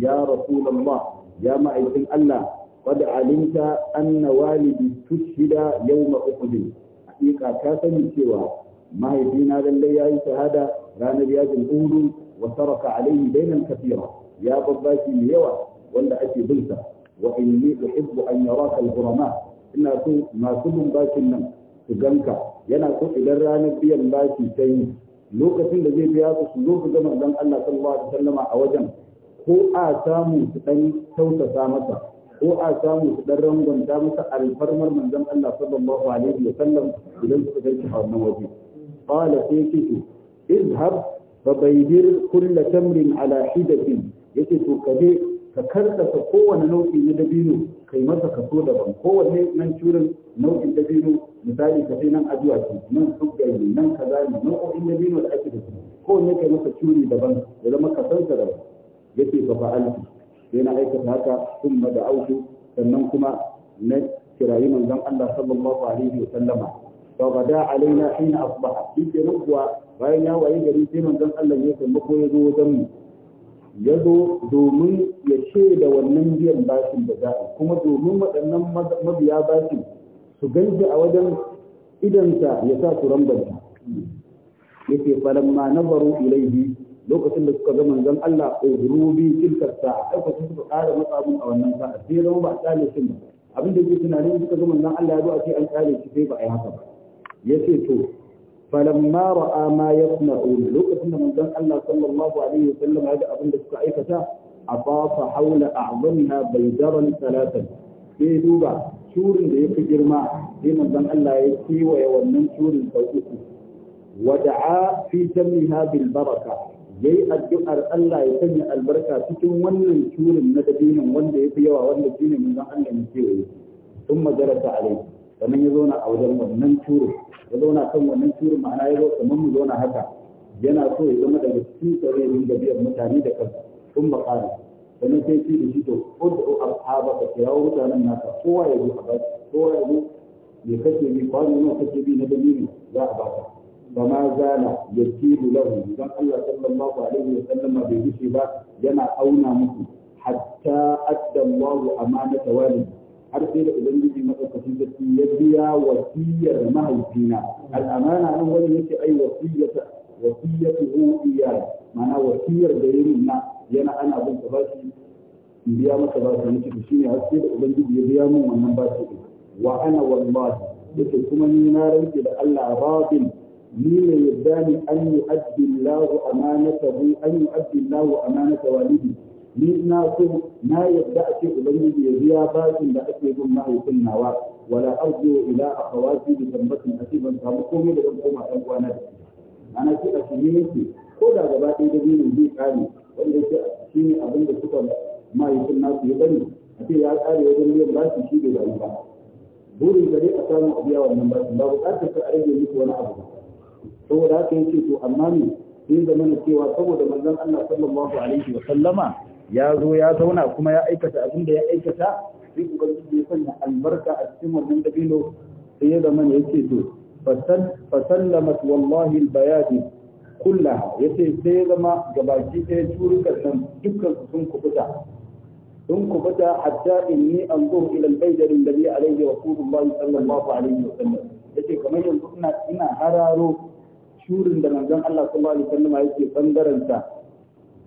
ya rasulullah ya ma'aikin Allah qad alimta anna walidi tushida yawma uhud hakika ka sani cewa mahaifina lallai yayi shahada ranar yajin uhud wa taraka alaihi dainan kathira ya babba mai yawa wanda ake bin sa wa inni uhibbu an yaraka al-ghurama ina so masu bin bakin nan su ganka yana so idan ranar biyan bashi ta yi lokacin da zai biya su su zo su gama dan Allah sallallahu alaihi wasallama a wajen ko a samu su dan tausasa masa ko a samu su dan rangonta masa alfarmar manzon Allah sallallahu alaihi wasallam idan suka ganki a wannan waje qala sai kike izhab fa baydir kull tamrin ala hidatin yace to kaje ka karkasa kowane nau'i na dabino kai masa kaso daban kowane nan curin nau'in dabino misali ka sai nan ajuwa ce nan tsugga ne nan kaza ne nau'o'in da biyu da ake da su ko ne kai masa curi daban ya zama kasarsa daban yace fa fa'alti sai na aikata haka sun da auku sannan kuma na kirayi manzon Allah sallallahu alaihi wa sallama fa gada alaina hina asbaha shi nan kuwa bayan ya waye gari sai manzon Allah ya san ko ya zo wajen mu ya zo domin ya ce da wannan biyan bashin da za kuma domin waɗannan mabiya bashin su ganta a wajen idanta ya sa su rambanta Ya yake falamma nazaru ilaihi lokacin da suka ga zan Allah urubi tilka sa'a lokacin suka ƙara matsa mun a wannan sa'a sai zama ba a tsare shi ba abin da ke tunanin suka ga zan Allah ya zo a ce an tsare shi sai ba a yi haka ba Ya ce to falamma ra'a ma yasna'un lokacin da manzon Allah sallallahu alaihi wasallam ya ga abin da suka aikata a afafa haula a bai baydaran talatin, sai duba turin da ya fi girma sai manzon Allah ya kiwaye wannan turin sau uku wada'a fi jami'a bil baraka yayi addu'ar Allah ya sanya albarka cikin wannan turin na dabinin wanda ya fi yawa wanda shine manzon Allah ya kiwaye sun madarata alai sannan ya zauna a wajen wannan turin ya zauna kan wannan turin ma'ana ya zo kamar mu zauna haka yana so ya zama daga cikin tsare da biyar mutane da kansa sun baƙara. sannan sai shi da shi to ko da o ashaba ka kirawo mutanen naka kowa ya zo a ba kowa ya zo ya kace ni kwano nawa kace bi na dalili za a ba ka ba ma zala yakiru lahu dan Allah sallallahu alaihi wa sallam bai gishi ba yana auna muku hatta adda Allahu amanata walidi har sai da ubangiji madaukakin sarki ya biya wasiyar mahaifina al'amana nan wani yake ai wasiyata wasiyatu iyal ma'ana wasiyar da yayin na yana ana bin ta bashi in biya masa bashi yake to shine haske da ubangiji ya biya min wannan bashi wa ana wallahi yake kuma ni na rantsi da Allah babil ni ne yadda ni an yu'addi Allahu amanatahu an yu'addi Allahu amanata walidi ni na so na yadda ake ubangiji ya biya bashin da ake bin mahaifin nawa wala arju ila akhawati bi tambatin asiban samu komai da zan koma ɗan kwana da shi ana ce a shirye yake ko da gaba ɗaya da zai kare wanda yake shi ne abin da suka ma'aikin nasu ya bari a ce ya kare wajen biyan bashi shi bai rayu ba burin gari a samu a biya wannan bashin ba bukatar ka a rage musu wani abu saboda haka yake to amma ne sai mana cewa saboda manzon Allah sallallahu alaihi wa sallama ya zo ya zauna kuma ya aikata abin da ya aikata sai ubangiji ya sanya albarka a cikin wannan dabino sai ya zama ne yake to fasallamat wallahi albayadi kullaha ya ce sai ya zama baki ɗaya ka nan dukkan su sun kubuta sun kubuta hatta inni an zo ila albaydarin da bi alaihi wa sallallahu sallallahu alaihi wa sallam ce kamar yanzu ina ina hararo shurin da manzon Allah sallallahu alaihi wa sallam yake ce sa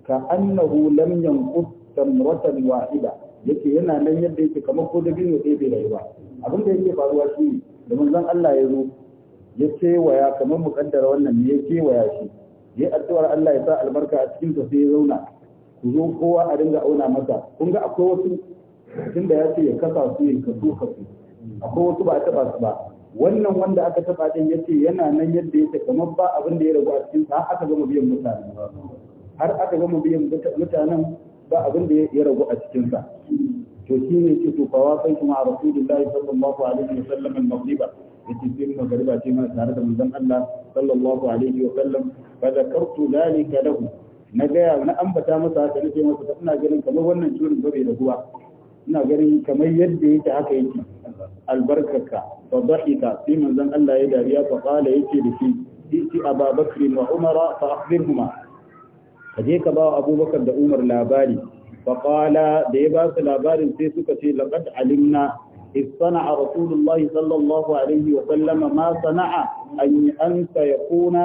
ka annahu lam yanqut tamratan wahida ce yana nan yadda ya ce kamar ko da bino sai bai rayu ba abin da yake faruwa shi da manzon Allah ya zo ya kewaya kamar kaddara wannan ne ya kewaya shi yi addu'ar Allah ya sa albarka a cikin sa sai ya zauna ku zo kowa a dinga auna masa kun ga akwai wasu tunda ya ce ya kasa su ya kasu kasu. akwai wasu ba a taba su ba wannan wanda aka taba din yace yana nan yadda yake kamar ba abin da ya ragu a cikin sa aka gama biyan mutane har aka gama biyan mutanen ba abin da ya ragu a cikin sa to shine ce to fa wa kai kuma rasulullahi sallallahu alaihi wasallam al-maghriba cikin magariba ce ma tare da manzon Allah sallallahu alaihi wa sallam fa zakartu zalika lahu na gaya na ambata masa haka nake masa ina ganin kamar wannan curin ba bai raguwa ina ganin kamar yadda yake haka yake albarkarka fa dhahika sai manzon Allah ya dariya fa qala yake da shi iti ababakr wa umara fa akhbirhuma kaje ka bawa abubakar da umar labari fa da ya ba labarin sai suka ce laqad إذ صنع رسول الله صلى الله عليه وسلم ما صنع أن أنت يكون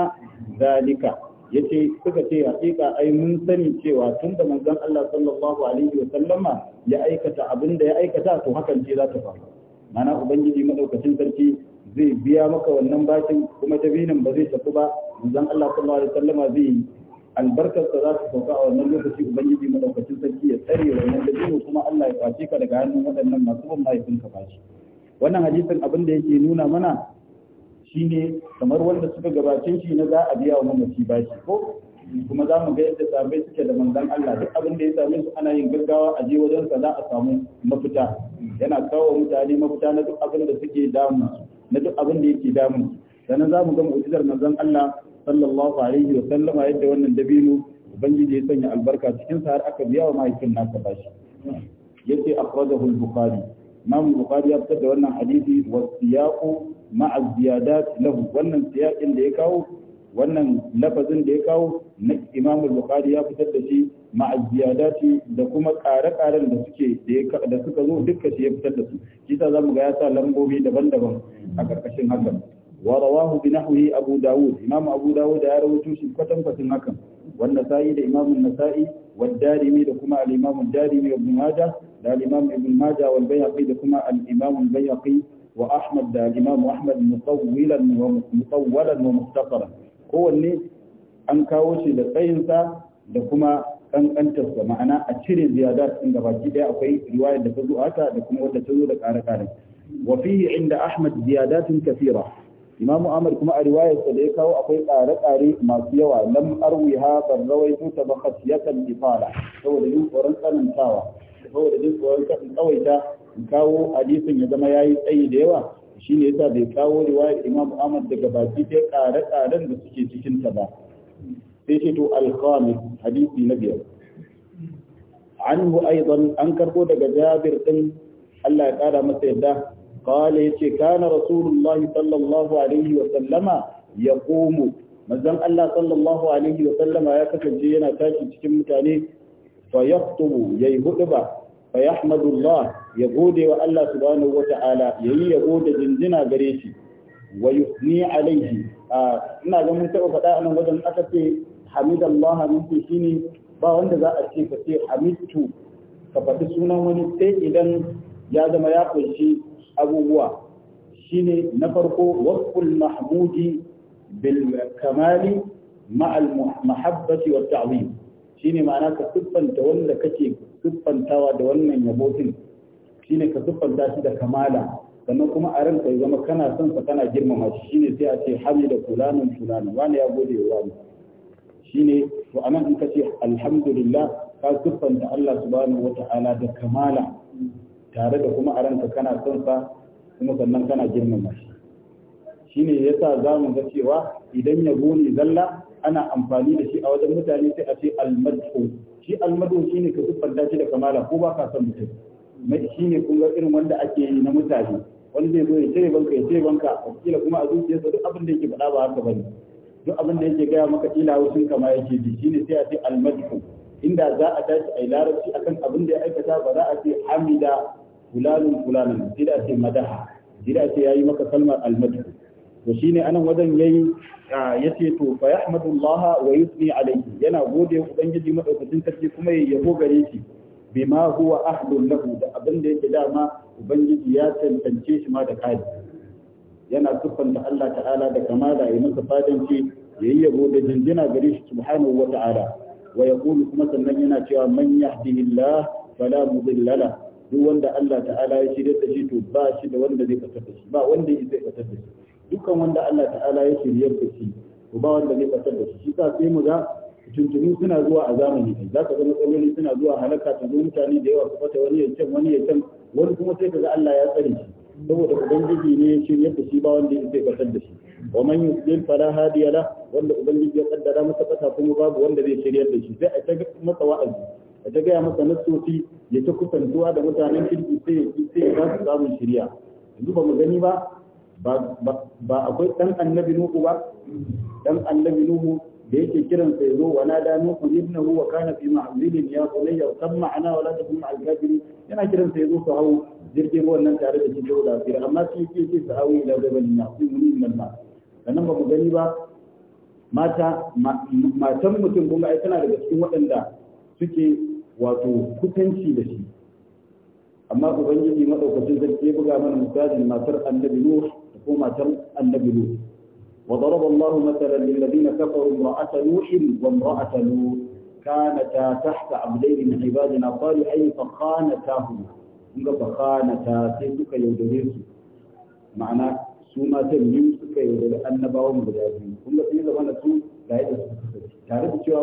ذلك yace suka ce hakika ai mun sani cewa tun da manzon Allah sallallahu alaihi wa sallama ya aikata abin da ya aikata to hakan ce za ta faru mana ubangiji madaukakin sarki zai biya maka wannan bashin kuma dabinin ba zai tafi ba manzon Allah sallallahu alaihi wa sallama zai albarkarsa za su sauka a wannan lokaci ubangiji madaukakin sarki ya tsare wannan dabino kuma Allah ya kwace ka daga hannun waɗannan masu ban mahaifin ka bashi wannan hadisin abin da yake nuna mana shine kamar wanda suka gabacin shi na za a biya wa mamaci bashi ko kuma za mu ga yadda sabai suke da manzan Allah duk abin da ya same su ana yin gaggawa a je wajen sa za a samu mafita yana kawo wa mutane mafita na duk abin da suke damu na duk abin da yake damu sannan za mu ga mu'jizar manzan Allah sallallahu alaihi wa sallama yadda wannan dabino ubangiji ya sanya albarka cikin sa har aka biya wa mahaifin nasa bashi yace akhrajahu al-bukhari imam bukhari ya fitar da wannan hadisi wa siyaqu ma'a ziyadat lahu wannan siyaqin da ya kawo wannan lafazin da ya kawo na imam bukhari ya fitar da shi ma'a ziyadati da kuma ƙare ƙaren da suke da suka zo dukkan shi ya fitar da su kisa zamu ga ya sa lambobi daban-daban a karkashin hakan ورواه بنحوه أبو داود إمام أبو داود أروى جوش كتن كتن هكا والنسائي لإمام النسائي والدارمي لكما الإمام الدارمي وابن ماجه لا الإمام ابن ماجه والبيهقي لكما الإمام البيهقي وأحمد لا الإمام أحمد مطولا مطولا ومختصرا هو اللي أنكاوش لقينسا لكما kankantarsa ma'ana a cire ziyadat inda baki daya akwai riwayar da ta zo haka da kuma wadda ta zo da kare kare wa fihi inda ahmad ziyadatin kathira imam ahmad kuma a riwayarsa da ya kawo akwai tsare-tsare masu yawa lam arwi ha ban rawaito ta ba ifala saboda yin tsoron tsanantawa saboda yin tsoron tsawaita in kawo hadisin ya zama yayi tsayi da yawa shine yasa bai kawo riwayar imam ahmad daga baki sai tsare-tsaren da suke cikin ta ba sai ce to al hadisi na biyar anhu aidan an karbo daga jabir din Allah ya kara masa yadda ya yace kana rasulullahi sallallahu alaihi wa sallama komo manzon Allah sallallahu alaihi wa sallama ya kasance yana tashi cikin mutane fa yi yayi ba fa yahmadullah ya gode wa Allah subhanahu wa ta'ala yayi ya gode jinjina gare shi wa yusni alaihi ina ga mun taɓa faɗa a nan wajen aka ce hamidallah minti shine ba wanda za a ce ka ce hamidtu ka faɗi sunan wani sai idan ya zama ya ƙunshi abubuwa ne na farko Wakkul mahmudi Bilkamali kamali ma'al mahabbati wa ta'zim ma'ana ka siffanta wanda kake siffantawa da wannan yabotin? Shi ne ka siffanta shi da kamala sannan kuma a ranka ya zama kana son sa kana girmama shi ne sai a ce hamida kulanin fulanin wani ya gode wa wani ne to nan in ka ce alhamdulillah ka siffanta Allah subhanahu da kamala tare da kuma a ranka kana son sa kuma sannan kana girmama shi shine yasa za mu ga cewa idan ya goni zalla ana amfani da shi a wajen mutane sai a ce almadhu shi almadhu shine ka siffanta shi da kamala ko ba ka son mutum mai shine kun ga irin wanda ake yi na mutane wanda zai zo ya cire banka ya cire banka a kila kuma a zuciyarsa duk abin da yake faɗa ba haka bane duk abin da yake gaya maka kila hausin kama yake ji shine sai a ce almadhu inda za a tashi a yi larabci akan abin da ya aikata ba za a ce hamida fulanin fulanin sai ce madaha sai da ce yayi maka kalmar almadu to shine anan wajen yayi yace to fa yahmadullah wa yusni alayhi yana gode ubangiji madaukakin sarki kuma ya yabo gare shi bima huwa ahlun lahu da abin da yake dama ubangiji ya tantance shi ma da kai yana kufanta Allah ta'ala da kamala ya masa fadanci yayi yabo da jinjina gare shi subhanahu wa ta'ala wa yaqulu kuma sannan yana cewa man yahdihillah fala mudilla lahu duk wanda Allah ta'ala ya shirya da shi to ba shi da wanda zai fatar da shi ba wanda zai fatar da shi dukkan wanda Allah ta'ala ya shirya da shi to ba wanda zai fatar da shi shi sa sai mu ga tuntuni suna zuwa a zamani ne za ka ga matsaloli suna zuwa halaka ta zuwa mutane da yawa su fata wani ya can wani ya can wani kuma sai ka ga Allah ya tsare shi saboda ubangiji ne ya shirya da shi ba wanda zai fatar da shi wa man yusdil fala hadiya la wanda ubangiji ya kaddara masa kasa kuma babu wanda zai shirya da shi sai a ta masa wa'azi da ta gaya masa nassosi ya ta kusantuwa da mutanen kirki sai ya sai ya ba su samun shirya yanzu ba mu gani ba ba akwai dan annabi nuhu ba dan annabi nuhu da yake kiran sai zo wa nada nuhu ibnu wa kana fi ma'zilin ya bunayya kam ma'ana wala la ma'al kafirin yana kiran sai zo su hawo jirgin nan tare da shi da fira amma sai yake ce su hawo ila gaban na sai muni nan ba sannan ba mu gani ba mata matan mutum kuma ai tana daga cikin waɗanda suke wato kusanci da shi amma ubangiji maɗaukacin sarki ya buga mana misalin matar annabi nuh da kuma matar annabi lut وضرب الله مثلا للذين كفروا امرأة نوح وامرأة لوط كانتا تحت عبدين من عبادنا صالحين فخانتاهما kunga ta sai suka yaudare su ma'ana su matan biyu suka yaudare annabawan guda biyu kunga sun zama na su ga yadda su tare da cewa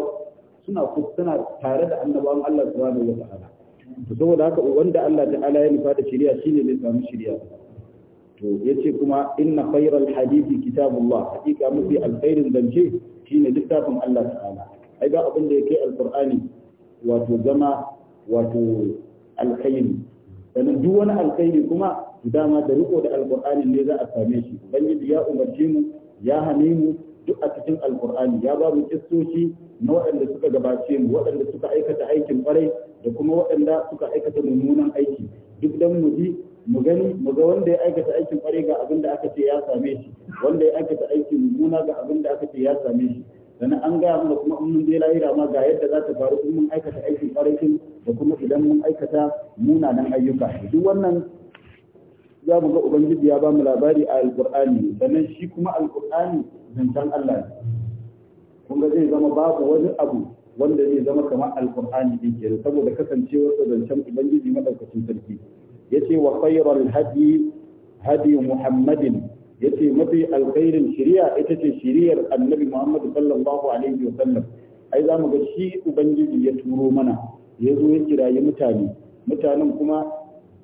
suna suna tare da annabawan Allah subhanahu wa ta'ala to saboda haka wanda Allah ta'ala ya nufa da shari'a shine zai samu shari'a to yace kuma inna khayral hadithi kitabullah hakika mafi alkhairin zance shine littafin Allah ta'ala ai ba abin da yake alqur'ani wato zama wato alkhairi sannan duk wani alkhairi kuma dama da riko da alqur'ani ne za a same shi ubangiji ya umarce mu ya hane mu duk a cikin alkur'ani ya babu mu kistoci na waɗanda suka gabace mu waɗanda suka aikata aikin kwarai da kuma waɗanda suka aikata mummunan aiki duk dan mu ji mu gani mu ga wanda ya aikata aikin kwarai ga abin da aka ce ya same shi wanda ya aikata aikin mummuna ga abin da aka ce ya same shi sannan an gaya mana kuma in mun je lahira ma ga yadda za ta faru in mun aikata aikin kwarai da kuma idan mun aikata munanan ayyuka duk wannan za mu ga ubangiji ya ba mu labari a alqur'ani sannan shi kuma Alƙur'ani zancen Allah ne kun ga zai zama babu wani abu wanda zai zama kamar alqur'ani din kenan saboda kasancewar zancen ubangiji madaukakin sarki yace wa khayral hadi hadi muhammadin yace mafi alkhairin shiriya ita ce shiriyar annabi Muhammad sallallahu alaihi wa sallam ai za mu ga shi ubangiji ya turo mana ya zo ya kirayi mutane mutanen kuma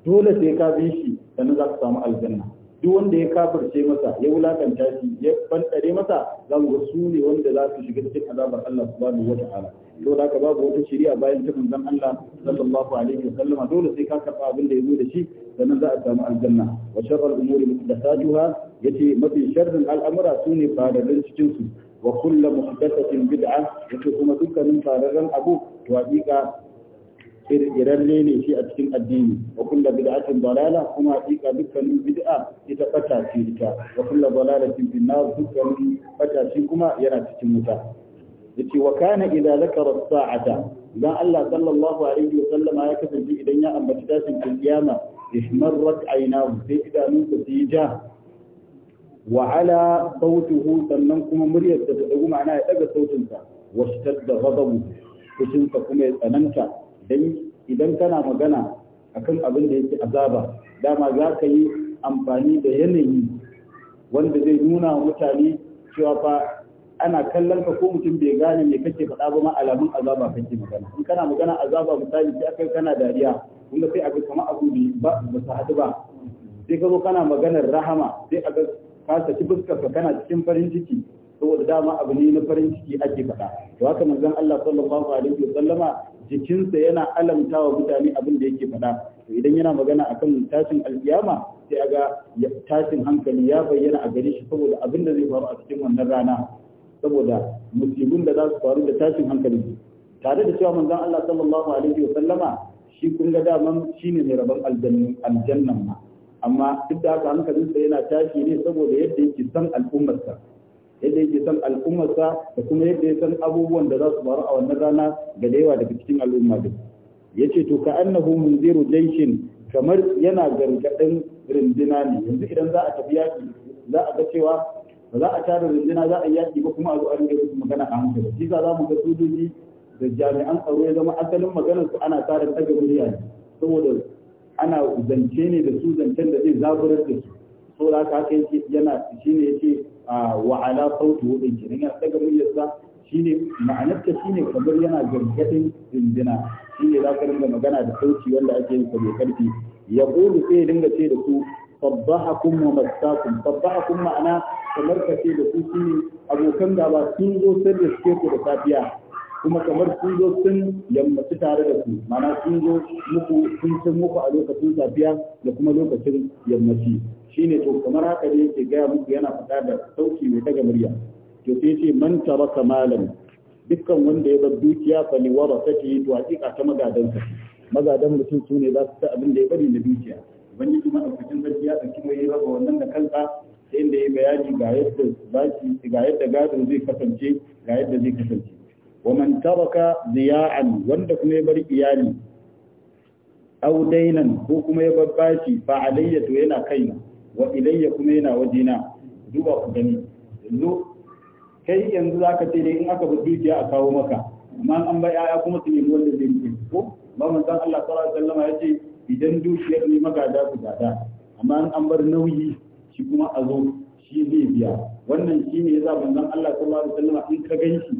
dole sai ka bi shi sannan za ka samu aljanna duk wanda ya kafirce masa ya wulakanta shi ya bantare masa za mu su ne wanda za su shiga cikin azabar Allah subhanahu wa ta'ala to da ka babu wata shari'a bayan ta manzon Allah sallallahu alaihi wa sallama dole sai ka karba abin da yazo da shi sannan za a samu aljanna wa sharral umuri muhdathatuha yace mafi sharrin al'amura sune fadarin cikin su wa kullu muhdathatin bid'a yace kuma dukkanin fadarin abu to hakika kirkirarre ne shi a cikin addini wa kullu bid'atin dalala kuma hakika dukkanin bid'a ita bata ce ita wa kullu dalalatin fi nar dukkanin bata ce kuma yana cikin wuta yace wa kana idza zakara sa'ata dan Allah sallallahu alaihi wa sallama ya kasance idan ya ambaci tashin kiyama ihmarrat aynahu sai idanunsa su yi ja wa ala sautuhu sannan kuma muryarsa ta dagu ma'ana ya daga sautinsa wa shtadda ghadabu fushinsa kuma ya tsananta dan idan kana magana akan abin da yake azaba dama za ka yi amfani da yanayi wanda zai nuna wa mutane cewa fa ana kallon ka ko mutum bai gane me kake faɗa ba ma alamun azaba kake magana in kana magana azaba misali sai akai kana dariya kun sai a ga kamar abu ba ba sa hadu ba sai ka zo kana maganar rahama sai a ga ka saki fuskar ka kana cikin farin ciki saboda dama abu ne na farin ciki ake faɗa to haka manzon Allah sallallahu alaihi wa sallama jikinsa yana alamtawa mutane abin da yake faɗa to idan yana magana akan tashin alkiyama sai aga tashin hankali ya bayyana a gare shi saboda abin da zai faru a cikin wannan rana saboda musibin da za su faru da tashin hankali tare da cewa manzon Allah sallallahu alaihi wa sallama shi kun ga daman shine mai rabon aljannan ma amma duk da haka hankalinsa yana tashi ne saboda yadda yake san al'ummarsa yadda yake san al'ummarsa da kuma yadda ya san abubuwan da za su faru a wannan rana ga da yawa daga cikin al'umma ya ce to ka annahu munziru jaishin kamar yana gargadin rindina ne yanzu idan za a tafi yaƙi za a ga cewa ba za a tara rindina za a yaki ba kuma a zo a rinka yi magana a hankali shi za mu ga sojoji da jami'an tsaro ya zama asalin maganar su ana tara ɗaga murya ne saboda ana zance ne da su zancen da zai zaburar da su so da haka yake yana shine yake wa ala sautu din kenan yana daga sa shine ta shine kamar yana gargadin dindina shine za ka dinga magana da sauti wanda ake yin mai karfi ya kulu sai ya dinga ce da su sabbahakum wa mastakum sabbahakum ma'ana kamar ka ce da su shine abokan gaba sun zo sai da suke ku da safiya kuma kamar sun zo sun yammaci tare da su Ma'ana sun zo muku sun san muku a lokacin safiya da kuma lokacin yammaci shine to kamar haka ne yake gaya muku yana fada da sauki mai daga murya to sai ce man taraka malam dukkan wanda ya bar dukiya fa ni warasati to hakika ta magadansa magadan mutum su ne za su ta abin da ya bari na dukiya ubangiji madaukakin sarki ya tsaki mai raba wannan da kansa ta inda ya bayani ga yadda zaki ga yadda gadon zai kasance ga yadda zai kasance wa man taraka ziya'an wanda kuma ya bar iyali au dainan ko kuma ya bar bashi fa alayya to yana kaina wa ilayya kuma yana wajena duba ku gani yanzu kai yanzu ka ce ne in aka bi dukiya a kawo maka amma an ba yaya kuma su nemi wanda zai rike ko ba mun san Allah sallallahu alaihi wasallam ya ce idan dukiyar ne magada ku gada amma an bar nauyi shi kuma a zo shi zai biya wannan shi ne yasa san Allah sallallahu alaihi wasallam in ka ganshi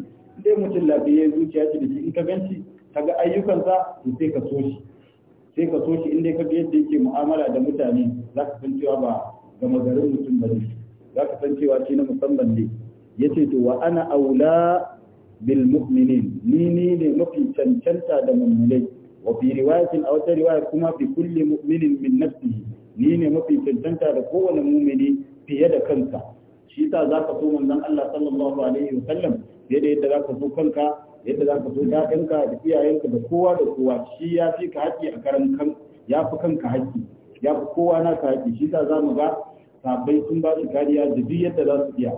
sai mutum lafiyayyen zuciya ce da shi in ka ganshi kaga ayyukansa to sai ka so shi sai ka so shi in ka ga yadda yake mu'amala da mutane za ka san cewa ba gama garin mutum ba ne za ka san cewa shi na musamman ne ya ce to wa ana aula bil mu'minin ni ni ne mafi cancanta da mummunai wa fi riwayatin a wata riwaya kuma fi kulli mu'minin min nafsi, ni ne mafi cancanta da kowane mumini fiye da kanka shi ta za ka so manzon Allah sallallahu alaihi wa sallam fiye da yadda za ka so kanka yadda za ka so ‘ya'yanka da iyayenka da kowa da kowa shi ya fi ka haƙƙi a karan kan ya fi kanka haƙƙi ya fi kowa na ka haƙƙi shi za mu ga sabbai sun ba su kariya da duk yadda za su iya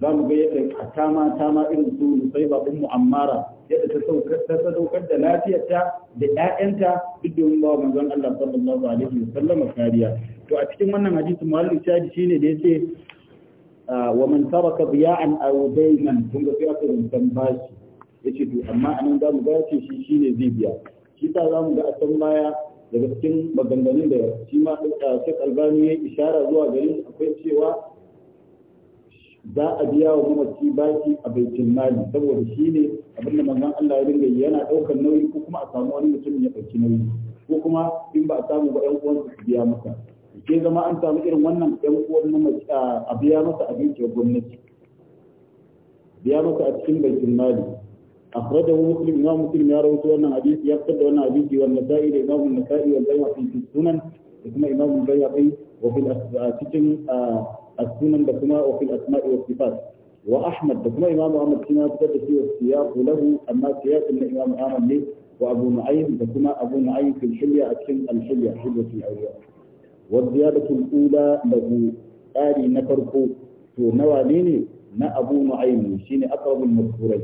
za mu ga yadda a tama tama irin su nusai ba ɗin ammara yadda ta saukar ta da lafiyarta da ƴaƴanta duk domin ba manzon Allah sallallahu alaihi wa sallama kariya to a cikin wannan hadisi muhallin shadi shine da yace ah, wa man taraka biya'an aw dayman kun ga sai aka rubutan bashi yace to amma anan za mu ga ce shi shine zai biya shi ta za mu ga a san baya daga cikin maganganun da shi ma eh, Sheikh Albani ya ishara zuwa gare akwai cewa za a biya wa mamaci baki a baitul mali saboda shi ne abin da manzon Allah ya dinga yana daukar nauyi ko kuma a samu wani mutum ya dauki nauyi ko kuma in ba a samu ba ɗan uwan su biya masa ke zama an samu irin wannan ɗan uwan mamaci a biya masa abinci dukiyar gwamnati biya masa a cikin baitul mali أخرجه مسلم إمام مسلم يا رويت أن حديث يقصد أن حديث والنسائي لإمام النسائي والبيهقي في السنن ثم إمام البيهقي وفي الأسماء السنن بكما وفي الأسماء والصفات وأحمد بكما إمام أحمد فيما ابتدى فيه السياق له أما سياق الإمام أحمد ليه وأبو نعيم بكما أبو نعيم في الحلية أكشن الحلية حلية الأولياء والزيادة الأولى له آلي نفرقه تو نوى ليني na abu nu'aymi shine aqrabul mazkurai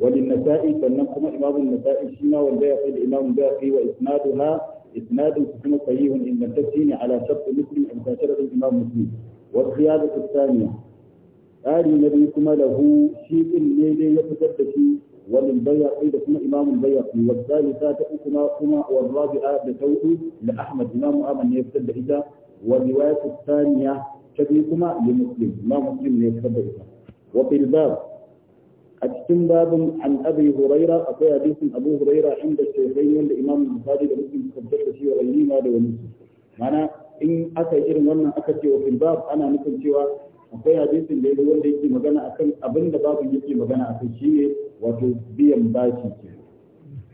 وللنساء فلنقم إمام النساء شما والباقي الإمام الباقي وإسنادها إسناد الحكم صحيح إن لم على شرط مسلم أن شرط الإمام مسلم والقيادة الثانية آل نبيكما له شيء ليلي يفتد وللبيع وللبيهقي لكم إمام البيهقي والثالثة تأكما كما والرابعة لتوء لأحمد إمام آمن يفتد إذا والرواية الثانية تبيكما لمسلم ما مسلم يفتد إذا وفي الباب أجتم باب عن أبي هريرة أبي حديث أبو هريرة عند الشيخين عند shi wa ومسلم da wani وغيره ما دون معنى إن أتى إيرن وانا أكتي وفي الباب ana nufin cewa akwai hadisin da yake wanda yake magana akan abin da babin yake magana akan shi ne wato biyan bashi ke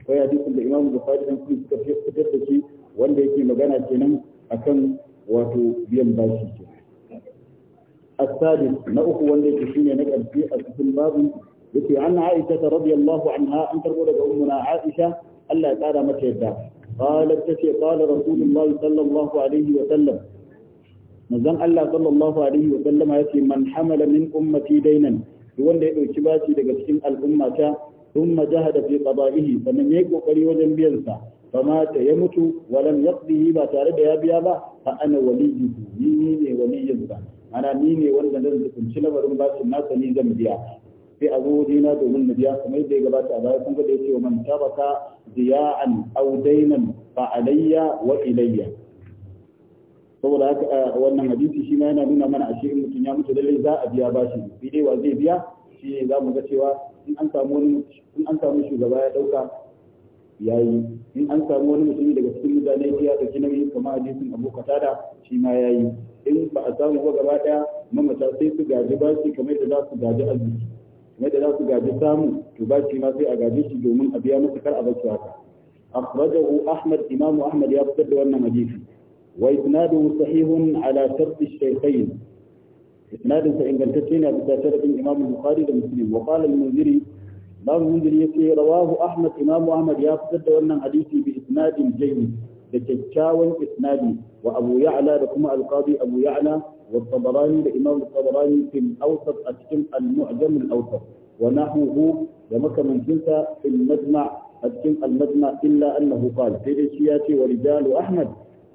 akwai hadisin da imam bukhari dan kuma suka fitar da shi wanda yake magana kenan akan wato biyan bashi ke na uku wanda yake shine na karfi a cikin babin yace an aisha radiyallahu anha an karbo daga ummuna aisha Allah ya kara mata yadda qalat tace qala rasulullahi sallallahu alaihi wa sallam manzon Allah sallallahu alaihi wa sallama yace man hamala min ummati dainan wanda ya dauki bashi daga cikin al'ummata thumma jahada fi qada'ihi sannan yayi kokari wajen biyan sa ya mutu ba tare فمات يموت ولم يقضيه ما تارد يا بيابا فأنا وليه نيني ولي يزبا أنا نيني وانا نزل كنشنا ورم nasa ni zan biya. sai a zo na domin na biya kamar yadda ya gabata a baya kun ga ya yake wa man tabaka diya'an aw daynan fa alayya wa ilayya saboda haka wannan hadisi shi ma yana nuna mana a shirin mutum ya mutu lallai za a biya bashi sai dai wa zai biya shi ne za mu ga cewa in an samu wani in an ya dauka in an samu wani mutumi daga cikin mutane ya dauki nauyi kamar hadisin Abu katada shi ma yi in ba a samu ba gaba ɗaya mamata sai su gaji bashi kamar yadda za su gaji arziki yadda za su gaji samu to bashi ma sai a gaji shi domin a biya musu kar a bar haka akhrajahu ahmad imam ahmad ya fitar da wannan hadisi wa isnaduhu sahihun ala shartu shaykhain isnadin sa ingantacce ne a bisa sharadin imam bukhari da muslim wa qala al-munziri babu munziri yace rawahu ahmad imam ahmad ya fitar da wannan hadisi bi isnadin jayyid da kyakkyawan isnadi wa abu ya'la da kuma alqadi abu ya'la والطبراني لإمام الطبراني في الأوسط أتكم المعجم الأوسط ونحوه ومكة من جنسة في المجمع أتكم المجمع إلا أنه قال في الشياتي ورجال أحمد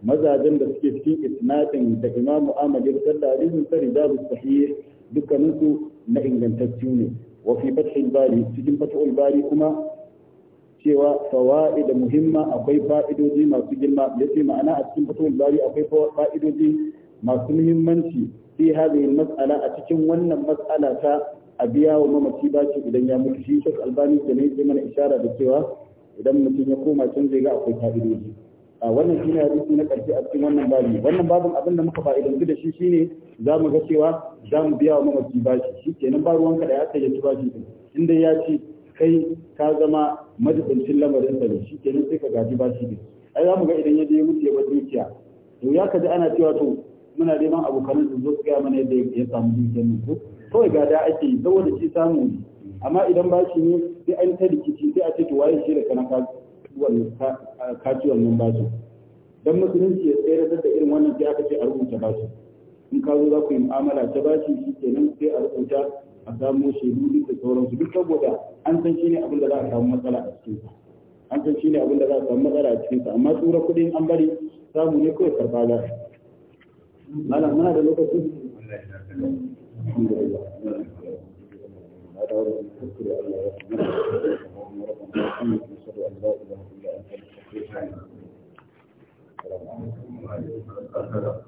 ماذا جند في إسناد كإمام أحمد يرتد عليهم فرجال الصحيح دكا نسو نئن تسيوني وفي فتح الباري سجن فتح الباري كما cewa fawa'ida muhimma akwai fa'idoji masu girma yace ma'ana a cikin fatawul bari akwai fa'idoji masu muhimmanci fi yin mas'ala a cikin wannan mas'ala ta a biya wa mamaci ce idan ya mutu shi Sheikh Albani da ne mana ishara da cewa idan mutum ya koma can zai ga akwai fa'idoji a wannan shine hadisi na karshe a cikin wannan babu wannan babun abin da muka fa'idantu da shi shine za mu ga cewa za mu biya wa mamaci ba shi kenan ba ruwanka da ya aka ba shi din inda ya ce kai ka zama majibincin lamarin sa ne shi kenan sai ka gaji ba shi din ai za mu ga idan ya je ya mutu ya bar dukiya to ya kaji ana cewa to muna neman abokanan su zo su gaya mana yadda ya samu dukiyar mu ko kawai gada ake yi saboda shi samu ne amma idan ba shi ne sai an ta rikici sai a ce to waye shi da kana kaci wannan bashi dan musulunci ya tsere da irin wannan sai aka ce a rubuta bashi in ka zo za ku yi mu'amala ta bashi shi kenan sai a rubuta a samu shaidu da sauransu duk saboda an san shi ne abin da za a samu matsala a cikin sa an san shi ne abin da za a samu matsala a cikin sa amma tsura kuɗin an bari samu ne kawai karɓa za malam muna da lokaci Thank